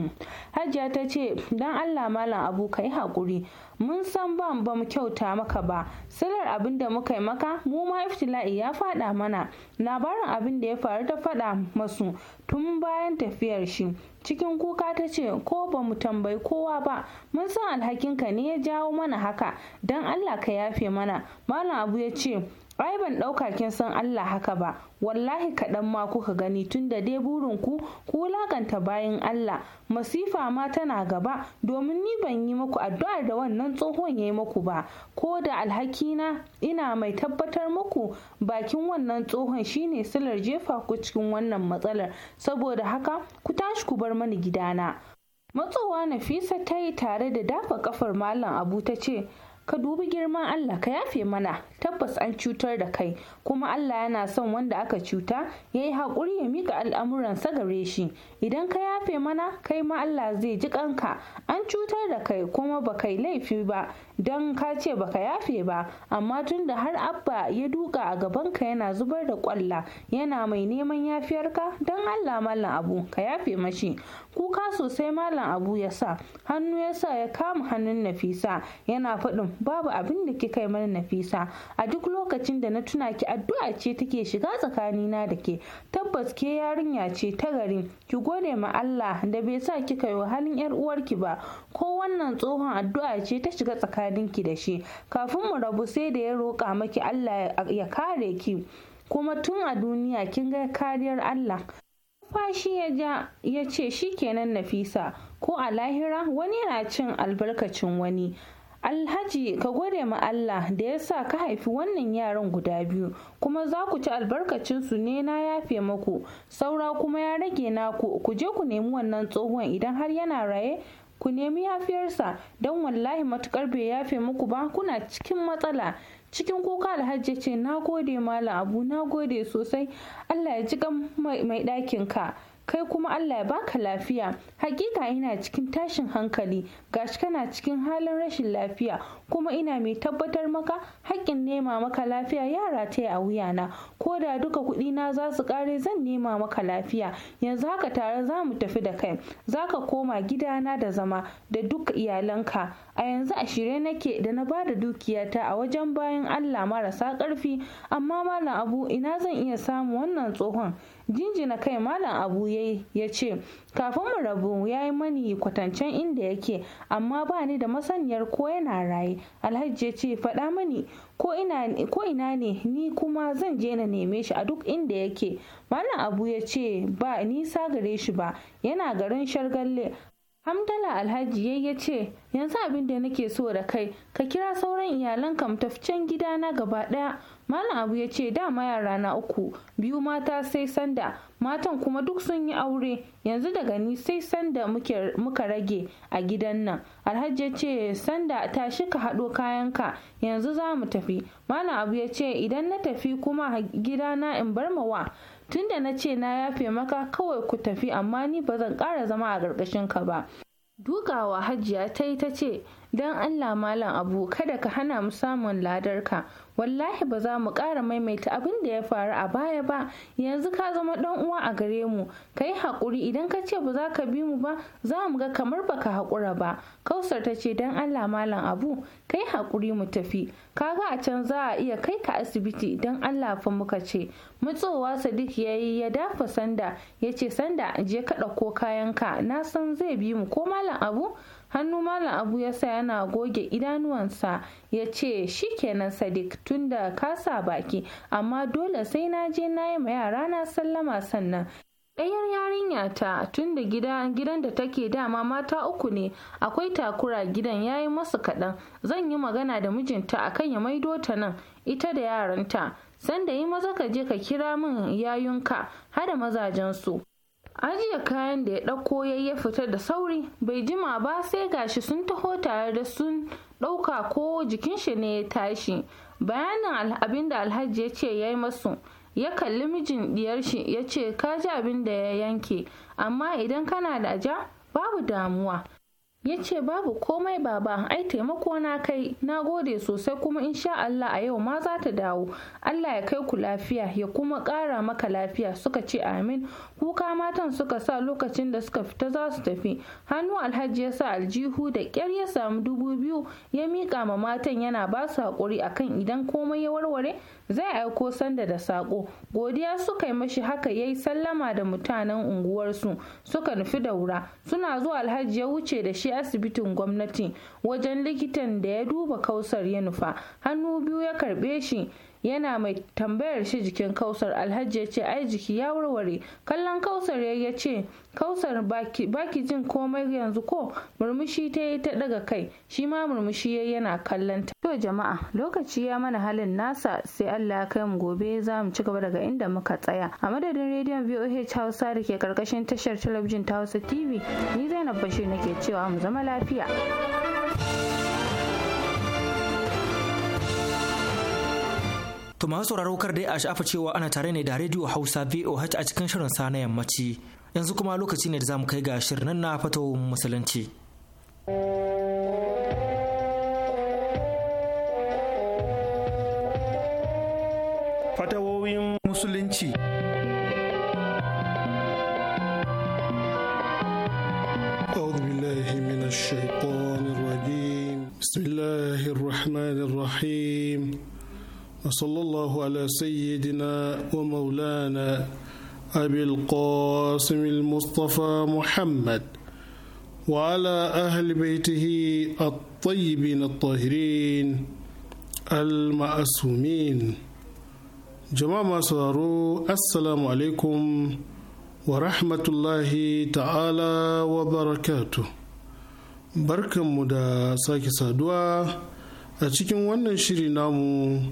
hajiya ta ce don allah malam abu ka yi haƙuri mun san ban ba mu kyauta maka ba silar abin da muka yi maka mu ma iftila'i ya faɗa mana labarin abin da ya faru ta faɗa masu tun bayan tafiyar shi cikin kuka ta ce ko ba mu tambayi kowa ba mun san alhakinka ne ya jawo mana haka don allah ka yafe mana malam abu ya ce ai ban ɗauka kin san Allah haka ba wallahi kaɗan ma kuka gani tunda da dai burinku ku laganta bayan Allah masifa ma tana gaba domin ni ban yi muku addu'ar da wannan tsohon ya yi muku ba ko da alhakina ina mai tabbatar muku bakin wannan tsohon shine silar jefa ku cikin wannan matsalar saboda haka ku tashi ku bar mani gidana matsowa nafisa ta yi tare da dafa kafar malam abu ta ce ka dubi girman Allah ka yafe mana tabbas an cutar da kai kuma Allah yana son wanda aka cuta ya yi haƙuri ya mika al'amuransa gare shi idan ka yafe mana kai ma Allah zai ji kanka an cutar da kai kuma ba kai laifi ba don ka ce ba ka yafe ba amma tun da har abba ya duka a gabanka yana zubar da kwalla yana mai neman yafiyarka don Allah mallan abu ka yafe mashi kuka sosai malam abu ya sa hannu ya sa ya kama hannun nafisa yana faɗin babu abin da kika kai mana nafisa a duk lokacin da na tuna ki addu'a ce take shiga tsakanina da ke tabbas ke yarinya ce ta gari ki gode ma Allah da bai sa kika yi halin yar uwarki ba ko wannan tsohon addu'a ce ta shiga tsakaninki da shi kafin mu rabu sai da ya roƙa maki Allah ya kare ki kuma tun a duniya kin ga kariyar Allah numfashi ya ja ya ce shi kenan nafisa ko a lahira wani yana cin albarkacin wani alhaji ka gode ma Allah da ya sa ka haifi wannan yaran guda biyu kuma za ku ci albarkacinsu ne na yafe maku saura kuma ya rage naku ku je ku nemi wannan tsohon idan har yana raye ku nemi yafiyarsa don wallahi matukar bai yafe muku ba kuna cikin matsala cikin kuka alhaji ce na gode malam abu na gode sosai allah ya ji mai ɗakin ka kai kuma allah ya baka lafiya hakika ina cikin tashin hankali gashi kana cikin halin rashin lafiya kuma ina mai tabbatar maka haƙƙin nema maka lafiya yara ta a wuyana ko da duka kuɗi na za su ƙare zan nema maka lafiya yanzu haka tare za mu tafi da kai za ka koma gidana da zama da duk iyalanka a yanzu a shirye nake da na bada dukiyata a wajen bayan Allah marasa ƙarfi amma malam abu ina zan iya samu wannan tsohon jinjina kai malam abu ya ce kafin mu rabu ya yi mani kwatancen inda yake amma ba ni da masaniyar ko yana raye alhaji ya ce faɗa mani ko ina ne ni kuma zan je na neme shi a duk inda yake malam abu ya ce ba nisa gare shi ba yana garin shargalle hamdala alhaji ya ce yanzu abin da nake so da kai ka kira sauran iyalanka iyalan tafi gida gidana gaba ɗaya malam abu ya ce dama yara na uku biyu mata sai sanda matan kuma duk sun yi aure yanzu daga ni sai sanda muka rage a gidan nan alhaji ya ce sanda tashi ka haɗo kayanka yanzu za mu tafi malam abu ya ce idan na tafi kuma gidana in bar wa tunda na ce na yafe maka kawai ku tafi amma ni ba zan ƙara zama a ƙarƙashin ka ba dukawa hajiya ta yi ta ce don allah malam abu kada ka hana mu samun ladarka wallahi ba za mu ƙara maimaita abin da ya faru a baya ba yanzu ka zama ɗan uwa a gare mu ka yi haƙuri idan ka ce ba za ka bi mu ba za mu ga kamar ba ka haƙura ba kausar ta ce don allah malam abu ka yi haƙuri mu tafi Ka ga a can za a iya kai ka asibiti don allah fa muka ce mutsowa sadiq ya yi ya dafa sanda ya ce sanda je ka ɗauko kayanka na san zai bi mu ko malam abu hannu malam abu ya sa yana goge idanuwansa ya ce shikenan sadiq tunda ka sa baki amma dole sai na je na yi ma yara na sallama sannan ɗayar yarinya ta tun da gidan da take dama mata uku ne akwai takura gidan ya yi masu kaɗan zan yi magana da mijinta akan ya maido ta nan ita da yaranta sanda yi maza ka je ka kira min yayunka hada mazajensu ajiye kayan da ya ɗauko ya fita da sauri bai jima ba sai gashi sun taho tare da sun ɗauka ko jikin shi ne ya tashi bayanin abin da alhaji ya ce ya yi masu ya kalli mijin diyar shi ya ce ka ji abin da ya yanke amma idan kana da ja babu damuwa ya ce babu komai baba ai taimako na kai na gode sosai kuma insha Allah a yau ma za ta dawo Allah ya kai ku lafiya ya kuma ƙara maka lafiya suka ce amin kuka matan suka sa lokacin da suka fita za su tafi hannu alhaji ya sa aljihu da ƙyar ya samu dubu biyu ya miƙa ma matan yana ba su haƙuri akan idan komai ya warware zai aiko sanda da sako godiya suka yi mashi haka yayi sallama da mutanen unguwarsu suka nufi daura suna zuwa alhaji ya wuce da shi asibitin gwamnati wajen likitan da ya duba kausar ya nufa hannu biyu ya karbe shi yana mai tambayar shi jikin kausar alhaji ya ce ai jiki ya warware kallon kausar ya ce kausar baki jin komai yanzu ko murmushi ta yi ta daga kai shi ma murmushi ya yana kallon ta to jama'a lokaci ya mana halin nasa sai allah ya kai mu gobe za mu ci gaba daga inda muka tsaya a madadin rediyon voh hausa da ke karkashin tashar talabijin ta hausa tv ni zainab bashir nake cewa mu zama lafiya To masu sauraro kar dai a sha'afa cewa ana tare ne da Radio Hausa VOH a cikin shirin sa na yammaci. Yanzu kuma lokaci ne da zamu kai ga shirin na fatawun musulunci. Fatawoyin musulunci. الشيطان الرجيم بسم الله وصلى الله على سيدنا ومولانا أبي القاسم المصطفى محمد وعلى أهل بيته الطيبين الطاهرين المأسومين جماعة سوارو السلام عليكم ورحمة الله تعالى وبركاته barkanmu da sake saduwa a cikin wannan shiri namu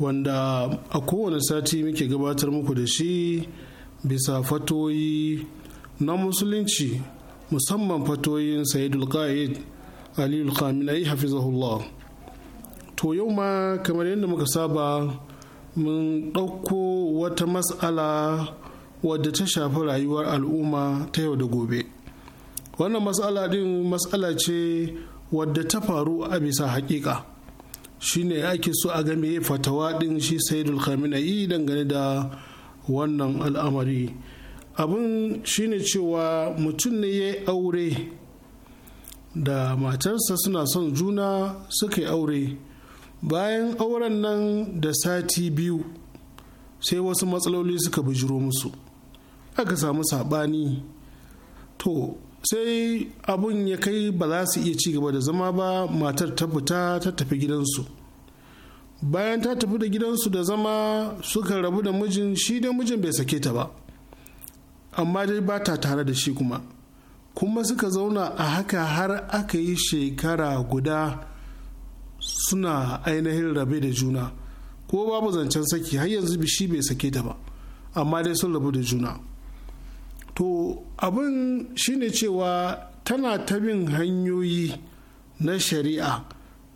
wanda a kowane sati muke gabatar muku da shi bisa fatoyi na musulunci musamman fatoyin sayidul qa'id aliyu khamenei hafizahullah to yau ma kamar yadda muka saba mun ɗauko wata mas'ala wadda ta shafi rayuwar al'umma ta yau da gobe wannan matsala din matsala ce wadda ta faru a bisa haƙiƙa. shine ake so a game fatawa din shi saidul khamenei dangane da wannan al'amari abin shine cewa mutum ne ya aure da matarsa suna son juna suka yi aure bayan auren nan da sati biyu sai wasu matsaloli suka bijiro musu aka samu sabani to sai abun ya kai ba za su iya ci gaba da zama ba matar ta fita ta tafi gidansu bayan ta tafi da gidansu da zama suka rabu da mijin shi dai mijin bai sake ta ba amma dai ba ta tare da shi kuma kuma suka zauna a haka har aka yi shekara guda suna ainihin rabe da juna ko babu zancen saki har yanzu bishi bai sake ta ba amma dai sun rabu da juna to abin shine cewa tana ta bin hanyoyi na shari'a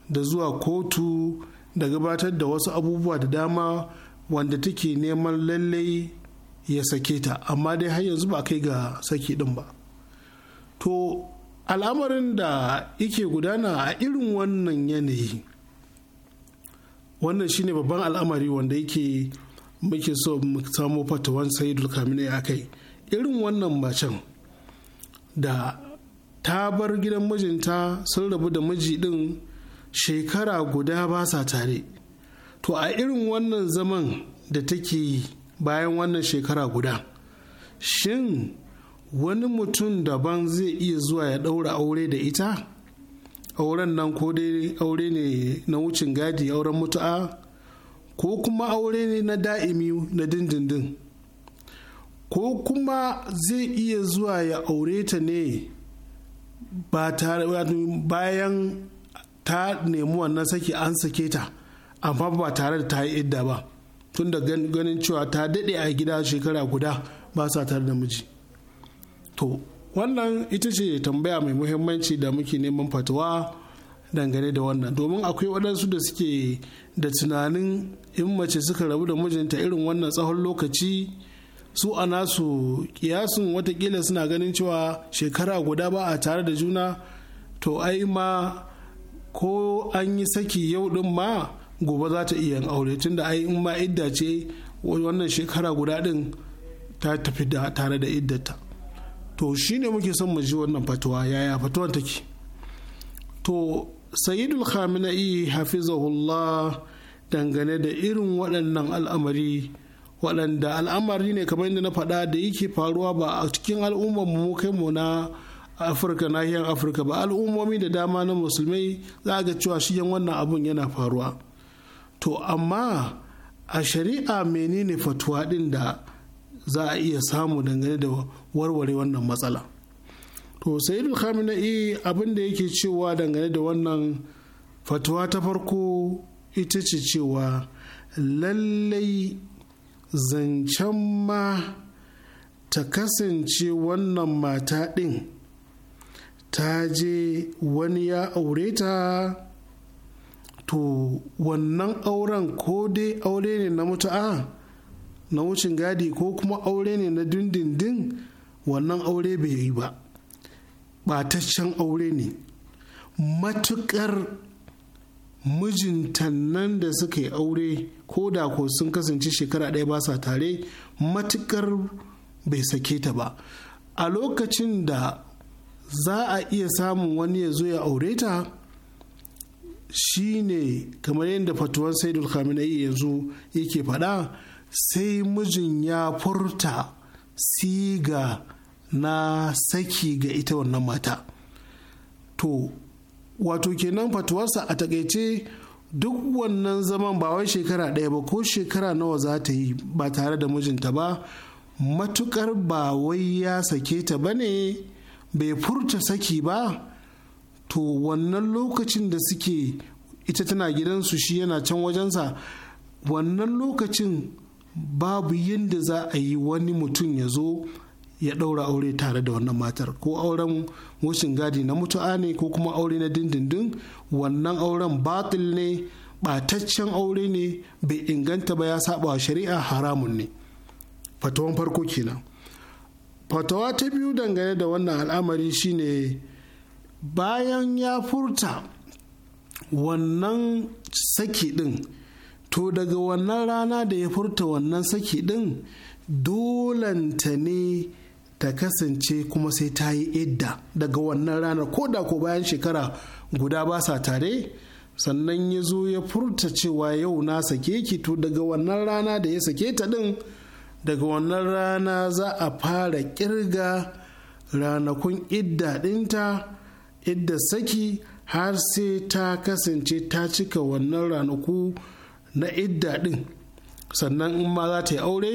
da zuwa kotu da gabatar da wasu abubuwa da dama wanda take neman lallai ya sake ta amma dai har yanzu ba kai ga sake din ba to al'amarin da yake gudana a irin wannan yanayi wannan shine babban al'amari wanda yake muke so mu samu fatawan sayidul kamilai a kai irin wannan macen da ta bar gidan mijinta sun rabu da miji din shekara guda ba sa tare to a irin wannan zaman da take yi bayan wannan shekara guda shin wani mutum daban zai iya zuwa ya ɗaura aure da ita auren nan ko dai aure ne na wucin gadi auren mutu'a ko kuma aure ne na da'imi na dindindin ko kuma zai iya zuwa ya aure ta ne bayan ta nemi wannan saki an sake ta amma ba tare da ta yi idda ba tun da ganin cewa ta daɗe a gida shekara guda ba sa tare da miji to wannan ita ce tambaya mai muhimmanci da muke neman fatawa dangane da wannan domin akwai waɗansu da suke da tunanin in mace suka rabu da mijinta irin wannan tsawon lokaci su a nasu kiyasin watakila suna ganin cewa shekara guda ba a tare da juna to ai ma ko an yi saki yau din ma gobe za ta iya aure tunda ai in ma idda ce wannan shekara guda din ta tafi tare da iddata to shine muke son mu ji wannan fatuwa yaya fatuwa take to sayyidul khamina'i hafizahullah dangane da irin waɗannan al'amari waɗanda al'amari ne kamar yadda na faɗa da yake faruwa ba a cikin al'ummar mu kai mu na afirka nahiyar afirka ba al'ummomi da dama na musulmai za ga cewa shigen wannan abun yana faruwa to amma a shari'a menene fatuwa ɗin da za a iya samu dangane da warware wannan matsala to sayyidul khamenei abin da yake cewa dangane da wannan fatuwa ta farko ita ce cewa lallai zancen ma ta kasance wannan mata ɗin ta je wani ya aure ta to wannan auren ko dai aure ne na mutu'a na wucin gadi ko kuma aure ne na dindindin wannan aure bai yi ba ɓataccen aure ne matuƙar mijintan nan da suka yi aure ko da ko sun kasance shekara ɗaya ba sa tare matukar bai sake ta ba a lokacin da za a iya samun wani ya zo ya aure ta shi ne kamar yadda fatuwan saidul khamenei yanzu yake faɗa sai mijin ya furta siga na saki ga ita wannan mata to wato kenan fatuwarsa a takaice duk wannan zaman ba wai shekara ɗaya ba ko shekara nawa za ta yi ba tare da mijinta ba matukar ba wai ya sake ta ba ne bai furta saki ba to wannan lokacin da suke ita tana gidansu shi yana can wajensa wannan lokacin babu yadda za a yi wani mutum ya zo ya ɗaura aure tare da wannan matar ko auren wucin gadi na mutu'a ne ko kuma aure na dindindin wannan auren batil ne ɓataccen aure ne bai inganta ba ya saba shari'a haramun ne fatawan farko kenan fatawa ta biyu dangane da wannan al'amari shine bayan ya furta wannan saki ɗin to daga wannan rana da ya furta wannan saki ɗin dolanta ne ta kasance kuma sai ta yi idda daga wannan rana ko da ko bayan shekara guda ba sa tare sannan ya zo ya furta cewa yau na sake ki to daga wannan rana da ya sake ta din daga wannan rana za a fara kirga ranakun idda dinta, idda saki har sai ta kasance ta cika wannan ranaku na idda din, sannan in ma za ta yi aure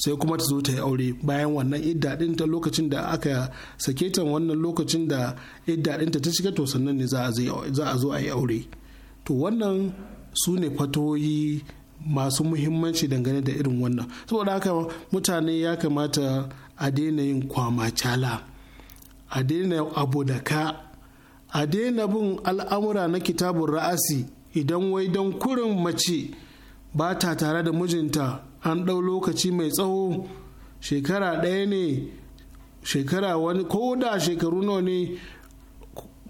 sai kuma ta zo ta yi aure bayan wannan idda ta lokacin da aka sake ta wannan lokacin da idda din ta shiga to sannan ne za a zo a yi aure to wannan su ne fatoyi masu muhimmanci dangane da irin wannan saboda haka mutane ya kamata a daina yin kwama cala a daina abu da ka a daina bin al'amura na kitabun ra'asi idan wai don kurin mace ba ta tare da mijinta an ɗau lokaci mai tsawo shekara ɗaya ne shekara wani ko da shekaru nawa ne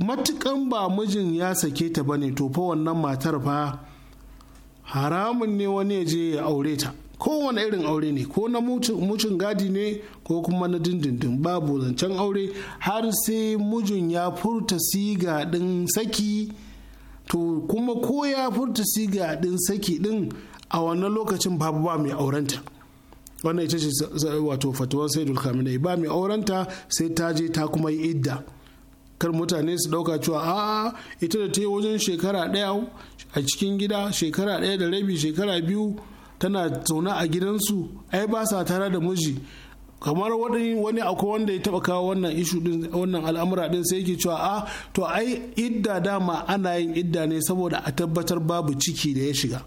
matukan ba mijin ya sake ta bane to fa wannan matar fa haramun ne wani ya je ya aure ta kowane irin aure ne ko na mucin gadi ne ko kuma na dindindin babu zancen aure har sai mijin ya furta siga ɗin saki to kuma ko ya furta siga ɗin saki ɗin a wannan lokacin babu ba mai aurenta wannan ita ce wato fatuwar saidul kamilai ba mai aurenta sai ta je ta kuma yi idda kar mutane su dauka cewa a ita da ta yi wajen shekara daya a cikin gida shekara daya da rabi shekara biyu tana zaune a gidansu ai ba sa tare da miji kamar wani akwai wanda ya taba kawo wannan ishu din wannan al'amura din sai yake cewa a to ai idda dama ana yin idda ne saboda a tabbatar babu ciki da ya shiga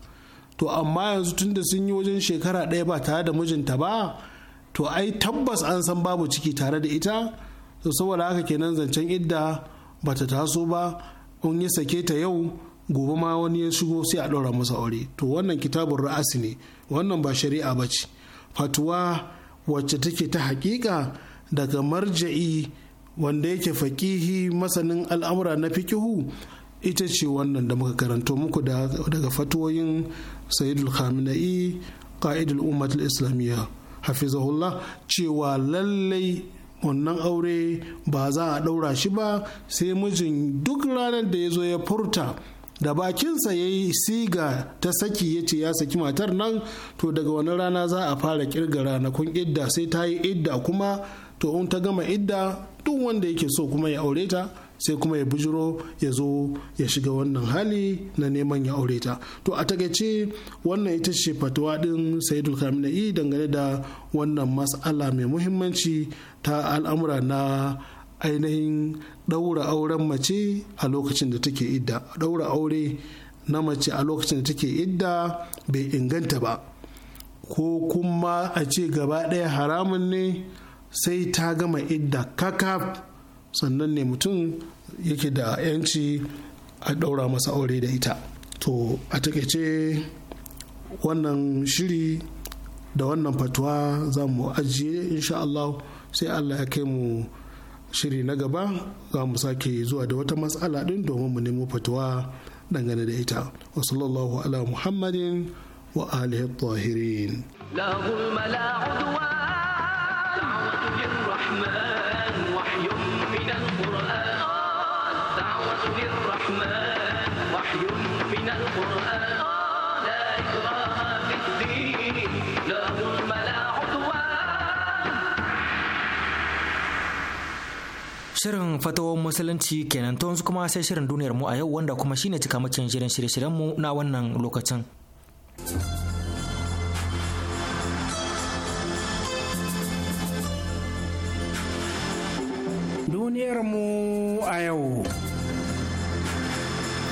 to amma yanzu tunda sun yi wajen shekara ɗaya ba tare da mijinta ba to ai tabbas an san babu ciki tare da ita to saboda haka kenan zancen idda ba ta taso ba kun ya sake ta yau gobe ma wani ya shigo sai a ɗora masa aure to wannan kitabun ra'asi ne wannan ba shari'a ba ce fatuwa wacce take ta haƙiƙa daga marja'i wanda yake faƙihi masanin al'amura na fikihu ita ce wannan da muka karanto muku daga fatuwoyin sayyidul khamenei ka'idul ummatul islamiyya hafizahullah cewa lallai wannan aure ba za a ɗaura shi ba sai mijin duk ranar da ya zo ya furta da bakinsa ya yi siga ta saki ya ce ya saki matar nan to daga wani rana za a fara kirga ranakun idda sai ta yi idda kuma to in ta gama idda duk wanda yake so kuma ya aure ta sai kuma ya bujiro ya zo ya shiga wannan hali na neman ya aure ta to a takaice wannan ita ce fatuwa din sayidul kamina'i dangane da wannan mas'ala mai muhimmanci ta al'amura na ainihin ɗaura auren mace a lokacin da take idda ɗaura aure na mace a lokacin da take idda bai inganta ba ko kuma a ce gaba ɗaya haramun ne sai ta gama idda kakaf sannan ne mutum yake da 'yanci a ɗaura masa aure da ita to a takaice wannan shiri da wannan fatuwa za mu ajiye insha Allah sai Allah ya kai mu shiri na gaba za mu sake zuwa da wata matsala ɗin domin mu nemo fatuwa dangane da ita wa ala muhammadin wa alihi tahirin Shirin fatawar musulunci kenan to yanzu kuma sai shirin duniyar mu a yau wanda kuma shine cikamakin shirin shirye-shiryen mu na wannan lokacin. Duniyar mu a yau.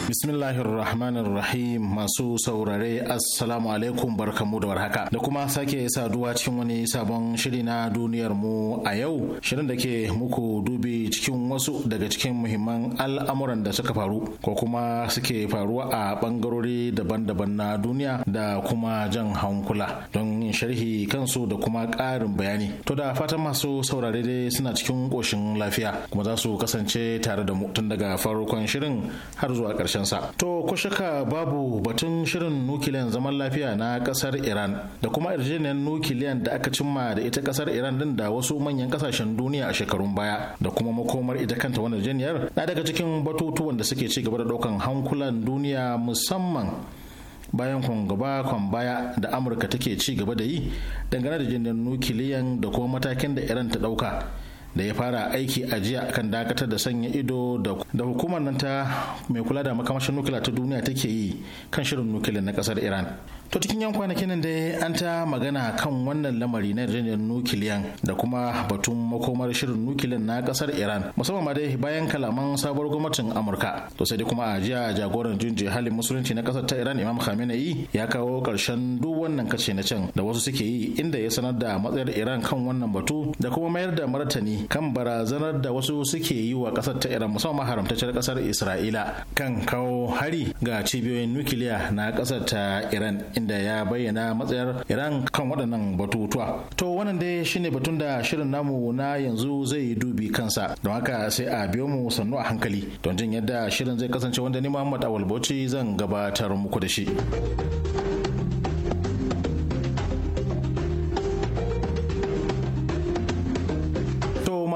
Bismillahirrahmanirrahim masu saurare assalamu alaikum barkamu da warhaka da kuma sake saduwa cikin wani sabon shiri na duniyar mu a yau shirin da ke muku dubi cikin wasu daga cikin muhimman al'amuran da suka faru ko kuma suke faruwa a bangarori daban-daban na duniya da kuma jan hankula don yin sharhi kansu da kuma ƙarin bayani to da fatan masu saurare dai suna cikin ƙoshin lafiya kuma za su kasance tare da mu tun daga farkon shirin har zuwa ƙarshe karshen to ko shaka babu batun shirin nukiliyan zaman lafiya na kasar Iran da kuma yarjejeniyar nukiliyan da aka cimma da ita kasar Iran din da wasu manyan kasashen duniya a shekarun baya da kuma makomar ita kanta wannan yarjejeniyar na daga cikin batutuwan da suke ci gaba da daukan hankulan duniya musamman bayan kwangaba baya da amurka take ci gaba da yi dangane da jinin nukiliyan da kuma matakin da iran ta ɗauka. da ya fara aiki a jiya kan dakatar da sanya ido da hukumar nan ta mai kula da makamashin nukila ta duniya take yi kan shirin nukilin na kasar iran To cikin yan kwanakin nan dai an ta magana kan wannan lamari na yarjejeniyar nukiliyan da kuma batun makomar shirin nukiliyan na kasar Iran musamman ma dai bayan kalaman sabuwar gwamnatin Amurka. To sai dai kuma a jiya jagoran junji halin musulunci na kasar ta Iran Imam Khamenei ya kawo karshen duk wannan kace na can da wasu suke yi inda ya sanar da matsayar Iran kan wannan batu da kuma mayar da martani kan barazanar da wasu suke yi wa kasar ta Iran musamman haramtacciyar kasar Isra'ila kan kawo hari ga cibiyoyin nukiliya na kasar ta Iran da ya bayyana matsayar iran kan waɗannan batutuwa to wannan dai shine batun da shirin namu na yanzu zai dubi kansa don haka sai a biyo mu sannu a hankali don jin yadda shirin zai kasance wanda ni muhammad awal bauchi zan gabatar muku da shi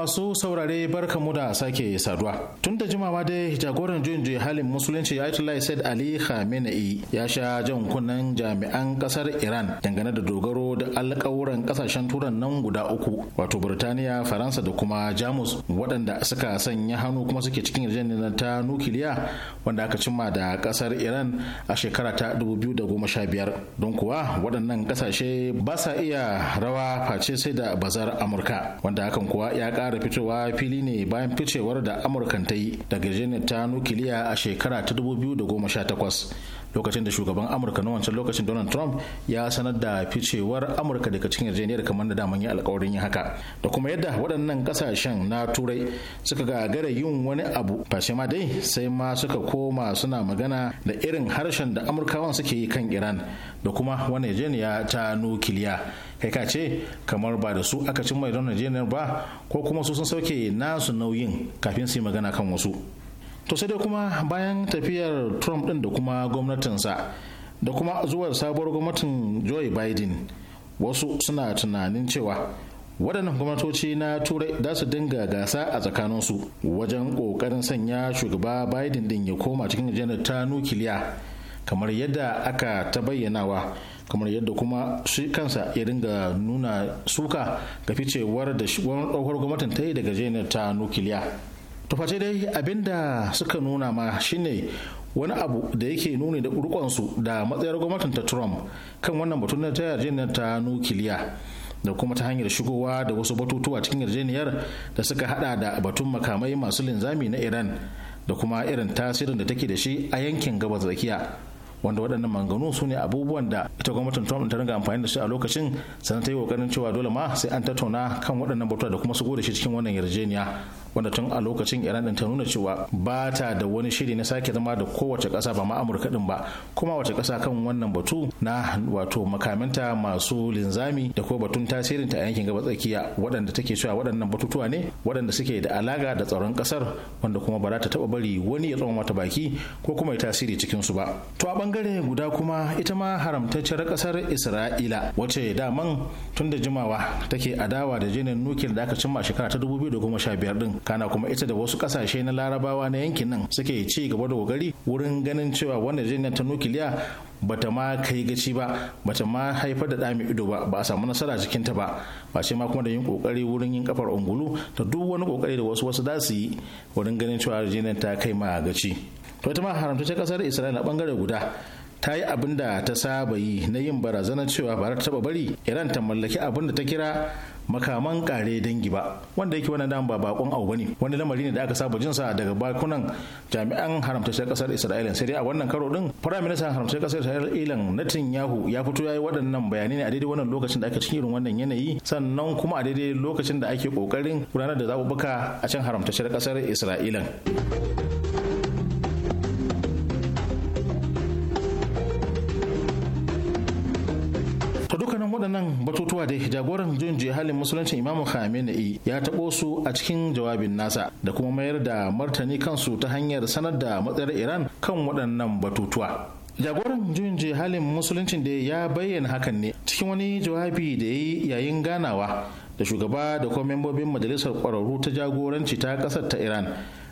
masu saurare barka mu da sake saduwa. Tun da jimawa dai jagoran juyin juya halin musulunci Ayatollah Said Ali Khamenei ya sha jan kunnen jami'an kasar Iran dangane da dogaro da alƙawuran kasashen turan nan guda uku wato Burtaniya, Faransa da kuma Jamus waɗanda suka sanya hannu kuma suke cikin yarjejeniyar ta nukiliya wanda aka cimma da kasar Iran a shekara ta 2015 don kuwa waɗannan kasashe ba sa iya rawa face sai da bazar Amurka wanda hakan kuwa ya ƙara da fitowa fili ne bayan ficewar da amurkan ta yi daga janet ta nukiliya a shekara ta 2018 lokacin da shugaban amurka na wancan lokacin donald trump ya sanar da ficewar amurka daga cikin yarjejeniyar kamar da daman yi alkawarin yin haka da kuma yadda waɗannan kasashen na turai suka gagara yin wani abu ba ma dai sai ma suka koma suna magana da irin harshen da amurkawan suke yi kan iran da kuma wani yarjejeniya ta nukiliya kai ka ce kamar ba da su aka cimma don najeriya ba ko kuma su sun sauke nasu nauyin kafin su yi magana kan wasu to sai dai kuma bayan tafiyar trump din da kuma gwamnatinsa da kuma zuwa sabuwar gwamnatin joe biden wasu suna tunanin cewa waɗannan gwamnatoci na turai za su dinga gasa a tsakaninsu wajen ƙoƙarin sanya shugaba biden din ya koma cikin janar ta nukiliya kamar yadda aka ta bayyanawa kamar yadda kuma shi kansa ya dinga nuna suka ga ficewar da ɗaukar gwamnatin ta yi daga jenar ta nukiliya to face dai abin da suka nuna ma shine wani abu da yake nuni da rukonsu da matsayar gwamnatin ta trump kan wannan batun na ta yarjejeniyar ta nukiliya da kuma ta hanyar shigowa da wasu batutuwa cikin yarjejeniyar da suka hada da batun makamai masu linzami na iran da kuma irin tasirin da take da shi a yankin gabas tsakiya wanda waɗannan manganu su ne abubuwan da ita gwamnatin trump ta ringa amfani da shi a lokacin sannan ta yi kokarin cewa dole ma sai an tattauna kan waɗannan batutuwa da kuma su da shi cikin wannan yarjejeniya wanda tun a lokacin iran din ta nuna cewa ba ta da wani shiri na sake zama da kowace kasa ba ma amurka din ba kuma wace ƙasa kan wannan batu na wato makaminta masu linzami da ko batun tasirinta a yankin gaba tsakiya waɗanda take cewa waɗannan batutuwa ne waɗanda suke da alaka da tsaron kasar wanda kuma ba za ta taɓa bari wani ya tsoma mata baki ko kuma ya tasiri cikin su ba to a bangare guda kuma ita ma haramtacciyar kasar isra'ila wace daman tun da jimawa take adawa da jinin nukil da aka cimma shekara ta da 2015 din kana kuma ita da wasu kasashe na larabawa na yankin nan suke ci gaba da kokari wurin ganin cewa wannan jinin ta nukiliya bata ma kai gaci ba bata ma haifar da dami ido ba ba a samu nasara cikin ta ba ba ce ma kuma da yin kokari wurin yin kafar ungulu ta duk wani kokari da wasu wasu za su yi wurin ganin cewa jinin ta kai ma gaci to ita ma haramta ta kasar isra'ila bangare guda ta yi abin da ta saba yi na yin barazana cewa ba ta taba bari iran ta mallaki abin da ta kira makaman kare dangi ba wanda yake wannan dan ba bakon abu bane wani lamari ne da aka saba jinsa daga bakunan jami'an haramtacciyar kasar Isra'ila sai dai a wannan karo din Prime Minister haramtacciyar kasar Isra'ila yahu ya fito yayi waɗannan bayanai ne a daidai wannan lokacin da aka cikin irin wannan yanayi sannan kuma a daidai lokacin da ake kokarin gudanar da zabubuka a can haramtacciyar kasar Isra'ila. waɗannan batutuwa da jagoran jin halin musulunci imamu khamenei ya taɓo su a cikin jawabin nasa da kuma mayar da martani kansu ta hanyar sanar da matsayar iran kan waɗannan batutuwa jagoran juyin halin musuluncin da ya bayyana hakan ne cikin wani jawabi da ya yi yayin ganawa da shugaba da kuma membobin majalisar kwararru ta jagoranci ta kasar ta iran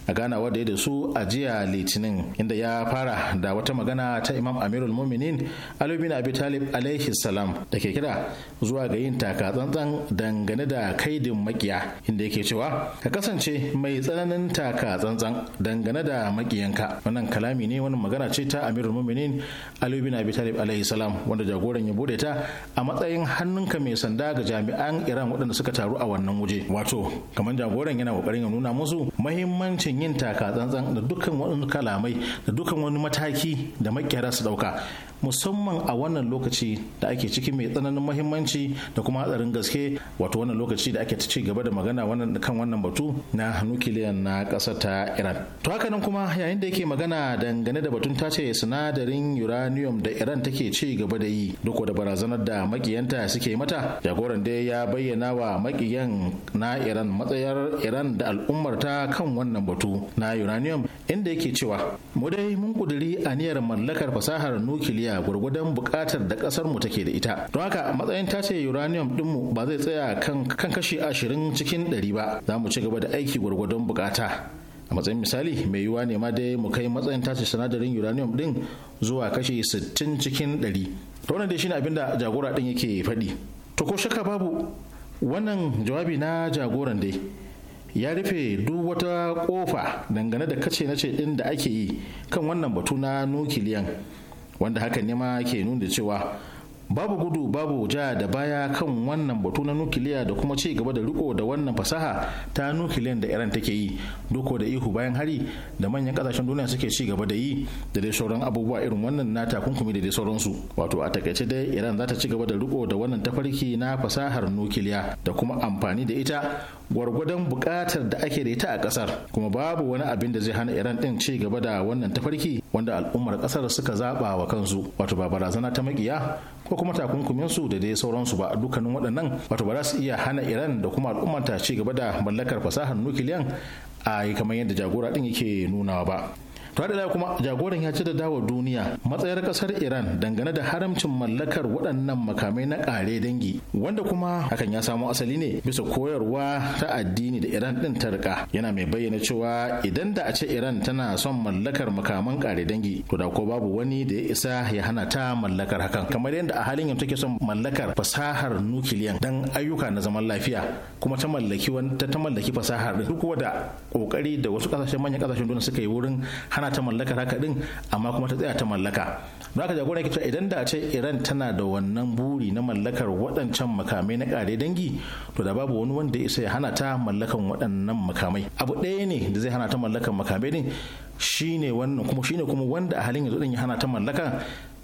a ganawa da da su a jiya litinin inda ya fara da wata magana ta imam amirul muminin ali abi talib alaihi salam da ke kira zuwa ga yin taka tsantsan dangane da kaidin makiya inda yake cewa ka kasance mai tsananin taka tsantsan dangane da makiyanka wannan kalami ne wani magana ce ta amirul muminin ali abi talib alaihi salam wanda jagoran ya bude ta a matsayin hannunka mai sanda ga jami'an iran waɗanda suka taru a wannan waje wato kamar jagoran yana kokarin ya nuna musu mahimmancin cikin yin taka tsantsan da dukkan wani kalamai da dukkan wani mataki da makera su dauka musamman a wannan lokaci da ake ciki mai tsananin mahimmanci da kuma hatsarin gaske wato wannan lokaci da ake ci gaba da magana kan wannan batu na nukiliya na ƙasar ta Iran. To haka nan kuma yayin da yake magana dangane da batun tace sinadarin uranium da Iran take ci gaba da yi duk da barazanar da makiyanta suke mata jagoran dai ya bayyana wa makiyan na Iran matsayar Iran da al'ummar ta kan wannan batu hutu na uranium inda yake cewa mu dai mun kuduri aniyar mallakar fasahar nukiliya gwargwadon bukatar da kasar mu take da ita don haka matsayin tace uranium din ba zai tsaya kan kan kashi ashirin cikin ɗari ba za mu ci gaba da aiki gwargwadon bukata a matsayin misali mai yiwuwa ne ma dai mu kai matsayin tace sinadarin uranium din zuwa kashi sittin cikin ɗari to wannan dai shine da jagora din yake faɗi to ko shaka babu wannan jawabi na jagoran dai ya rufe duk wata kofa dangane da kace nace din da ake yi kan wannan batu na nukiliyan wanda hakan ne ma ke nuna cewa babu gudu babu ja da baya kan wannan batu na nukiliya da kuma ci gaba da riko da wannan fasaha ta nukiliyan da iran take yi doko da ihu bayan hari da manyan kasashen duniya suke ci gaba da yi da dai sauran abubuwa irin wannan na takunkumi da dai sauransu wato a takaice dai iran za ta ci gaba da riko da wannan tafarki na fasahar nukiliya da kuma amfani da ita gwargwadon buƙatar da ake da ita a ƙasar kuma babu wani abin da zai hana iran din ci gaba da wannan tafarki wanda al'ummar ƙasar suka zaɓa wa kansu wato ba barazana ta makiya ko kuma takunkumin su da dai sauransu ba dukkanin waɗannan wato ba za su iya hana iran da kuma al'ummanta ci gaba da mallakar fasahar nukiliyan a kamar yadda jagora din yake nunawa ba tare da kuma jagoran ya ci da dawo duniya matsayar kasar iran dangane da haramcin mallakar waɗannan makamai na kare dangi wanda kuma hakan ya samo asali ne bisa koyarwa ta addini da iran ɗin ta rika yana mai bayyana cewa idan da a ce iran tana son mallakar makaman ƙare dangi to da ko babu wani da ya isa ya hana ta mallakar hakan kamar yadda a halin yanzu take son mallakar fasahar nukiliyan dan ayyuka na zaman lafiya kuma ta mallaki ta mallaki fasahar duk wanda kokari da wasu kasashen manyan kasashen duniya suka yi wurin hana ana ta mallaka haka din amma kuma ta tsaya ta mallaka don haka jagora yake idan da ce iran tana da wannan buri na mallakar waɗancan makamai na kare dangi to da babu wani wanda ya isa ya hana ta mallakan waɗannan makamai abu ɗaya ne da zai hana ta mallakan makamai din shine wannan kuma shine kuma wanda a halin yanzu din ya hana ta mallaka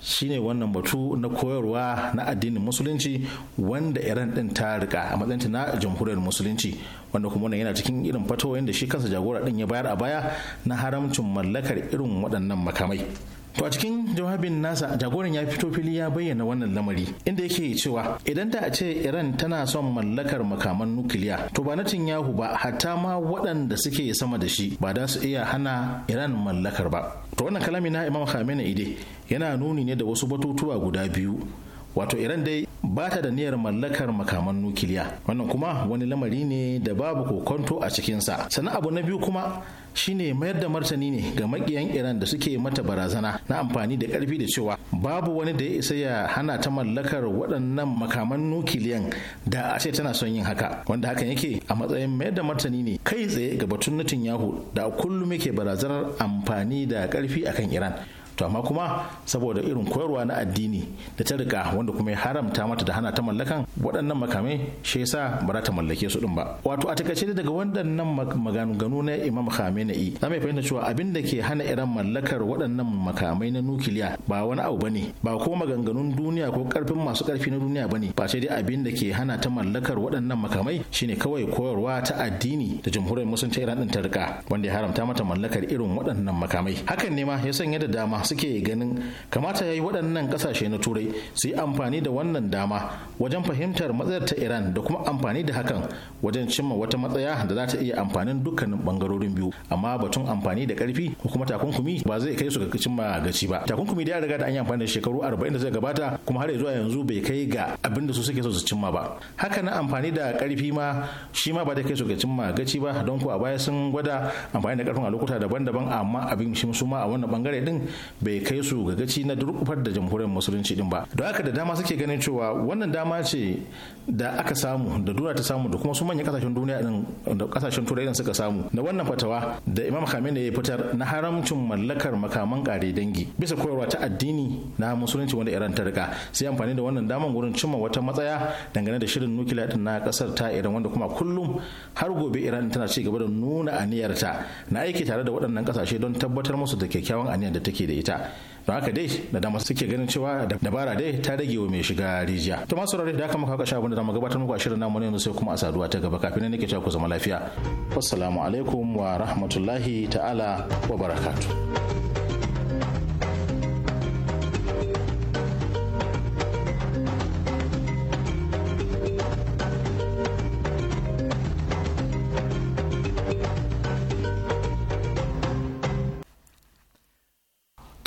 shine wannan batu na koyarwa na addinin musulunci wanda iran din ta rika a matsayinta na jamhuriyar musulunci wanda kuma wannan yana cikin irin fatoyin da shi kansa jagora din ya bayar a baya na haramcin mallakar irin waɗannan makamai To a cikin jawabin nasa jagoran ya fito fili ya bayyana wannan lamari inda yake cewa idan ta a ce Iran tana son mallakar makaman nukiliya to ba na yahu ba hatta ma waɗanda suke sama da shi ba da su iya hana Iran mallakar ba. To wannan kalami na Imam Khamenei ide yana nuni ne da wasu batutuwa guda biyu wato iran dai ba ta da niyyar mallakar makaman nukiliya wannan kuma wani lamari ne da babu kokonto a cikinsa sannan abu na biyu kuma shine mayar da martani ne ga makiyan iran da suke mata barazana na amfani da karfi da cewa babu wani da ya isa ya hana ta mallakar waɗannan makaman nukiliyan da a ce tana son yin haka wanda hakan yake a matsayin mayar da martani ne kai tsaye ga batun natin yahu da kullum yake barazanar amfani da karfi akan iran to amma kuma saboda irin koyarwa na addini da ta rika wanda kuma ya haramta mata da hana ta mallakan waɗannan makamai shi yasa ba za ta mallake su din ba wato a takaice daga waɗannan maganganu na Imam Khamenei za mu fahimta cewa abin da ke hana Iran mallakar waɗannan makamai na nukiliya ba wani abu bane ba ko maganganun duniya ko karfin masu karfi na duniya bane ba sai dai abin da ke hana ta mallakar waɗannan makamai shine kawai koyarwa ta addini da jamhuriyar musulunci Iran din ta rika wanda ya haramta mata mallakar irin waɗannan makamai hakan ne ma ya sanya da dama suke ganin kamata ya yi waɗannan ƙasashe na turai su yi amfani da wannan dama wajen fahimtar matsayar ta iran da kuma amfani da hakan wajen cimma wata matsaya da za ta iya amfanin dukkanin bangarorin biyu amma batun amfani da ƙarfi ko kuma takunkumi ba zai kai su ga cimma gaci ba takunkumi da ya riga da an yi amfani da shekaru arba'in da zai gabata kuma har zuwa yanzu bai kai ga abin da su suke so su cimma ba haka na amfani da ƙarfi ma shi ma ba zai kai su ga cimma gaci ba don ku a baya sun gwada amfani da ƙarfin a lokuta daban-daban amma abin shi su ma a wannan bangare din bai kai su ga gaci na durkufar da jamhuriyar musulunci din ba don haka da dama suke ganin cewa wannan dama ce da aka samu da dura ta samu da kuma su manyan kasashen duniya din da kasashen turai din suka samu na wannan fatawa da imam khamenei ya fitar na haramcin mallakar makaman kare dangi bisa koyarwa ta addini na musulunci wanda iran ta rika sai amfani da wannan daman wurin cimma wata matsaya dangane da shirin nukiliya din na kasar ta iran wanda kuma kullum har gobe iran tana ci gaba da nuna aniyarta na aiki tare da waɗannan kasashe don tabbatar musu da kyakkyawan aniyar da take da ita don haka dai da dama suke ganin cewa dabara dai ta rage wa mai shiga rijiya to masu rarrafe da aka maka kashe abin da mu gabatar muku a shirin namu ne sai kuma a saduwa ta gaba kafin nake cewa ku zama lafiya assalamu alaikum wa rahmatullahi ta'ala wa barakatuh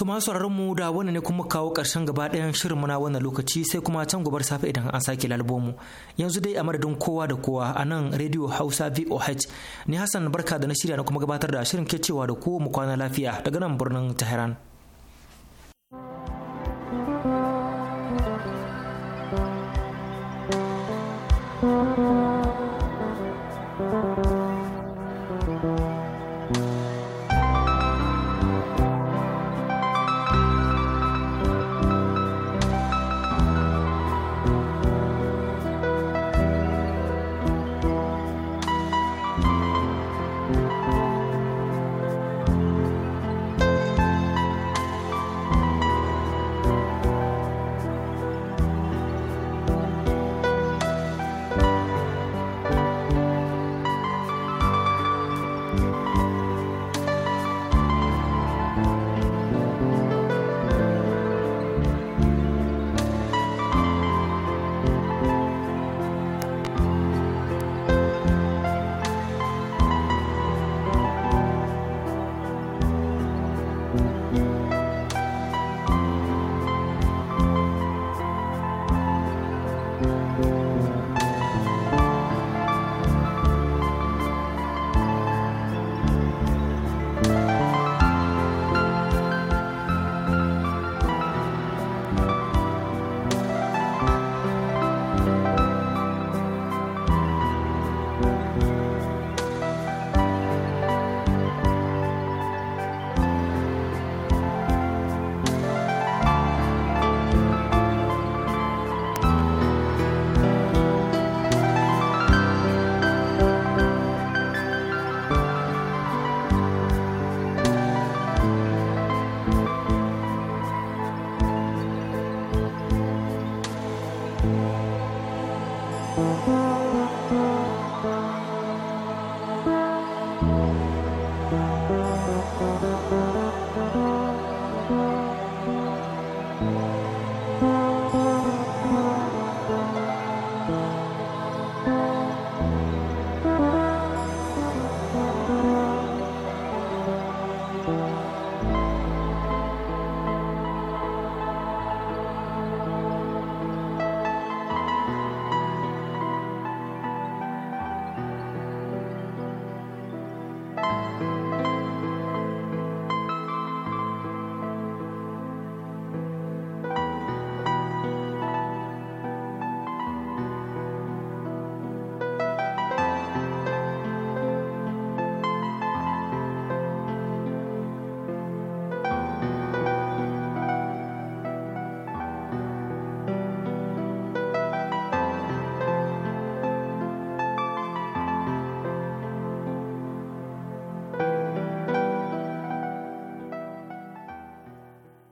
Tuma sauraron mu da wannan ne kuma kawo ƙarshen gaba ɗayan shirin muna wannan lokaci sai kuma can gobar safe idan an sake lalbo mu. Yanzu dai a madadin kowa da kowa a nan rediyo Hausa VOH ni Hassan barka da na shirya na kuma gabatar da shirin ke cewa da ku mu kwana lafiya daga nan birnin Tehran.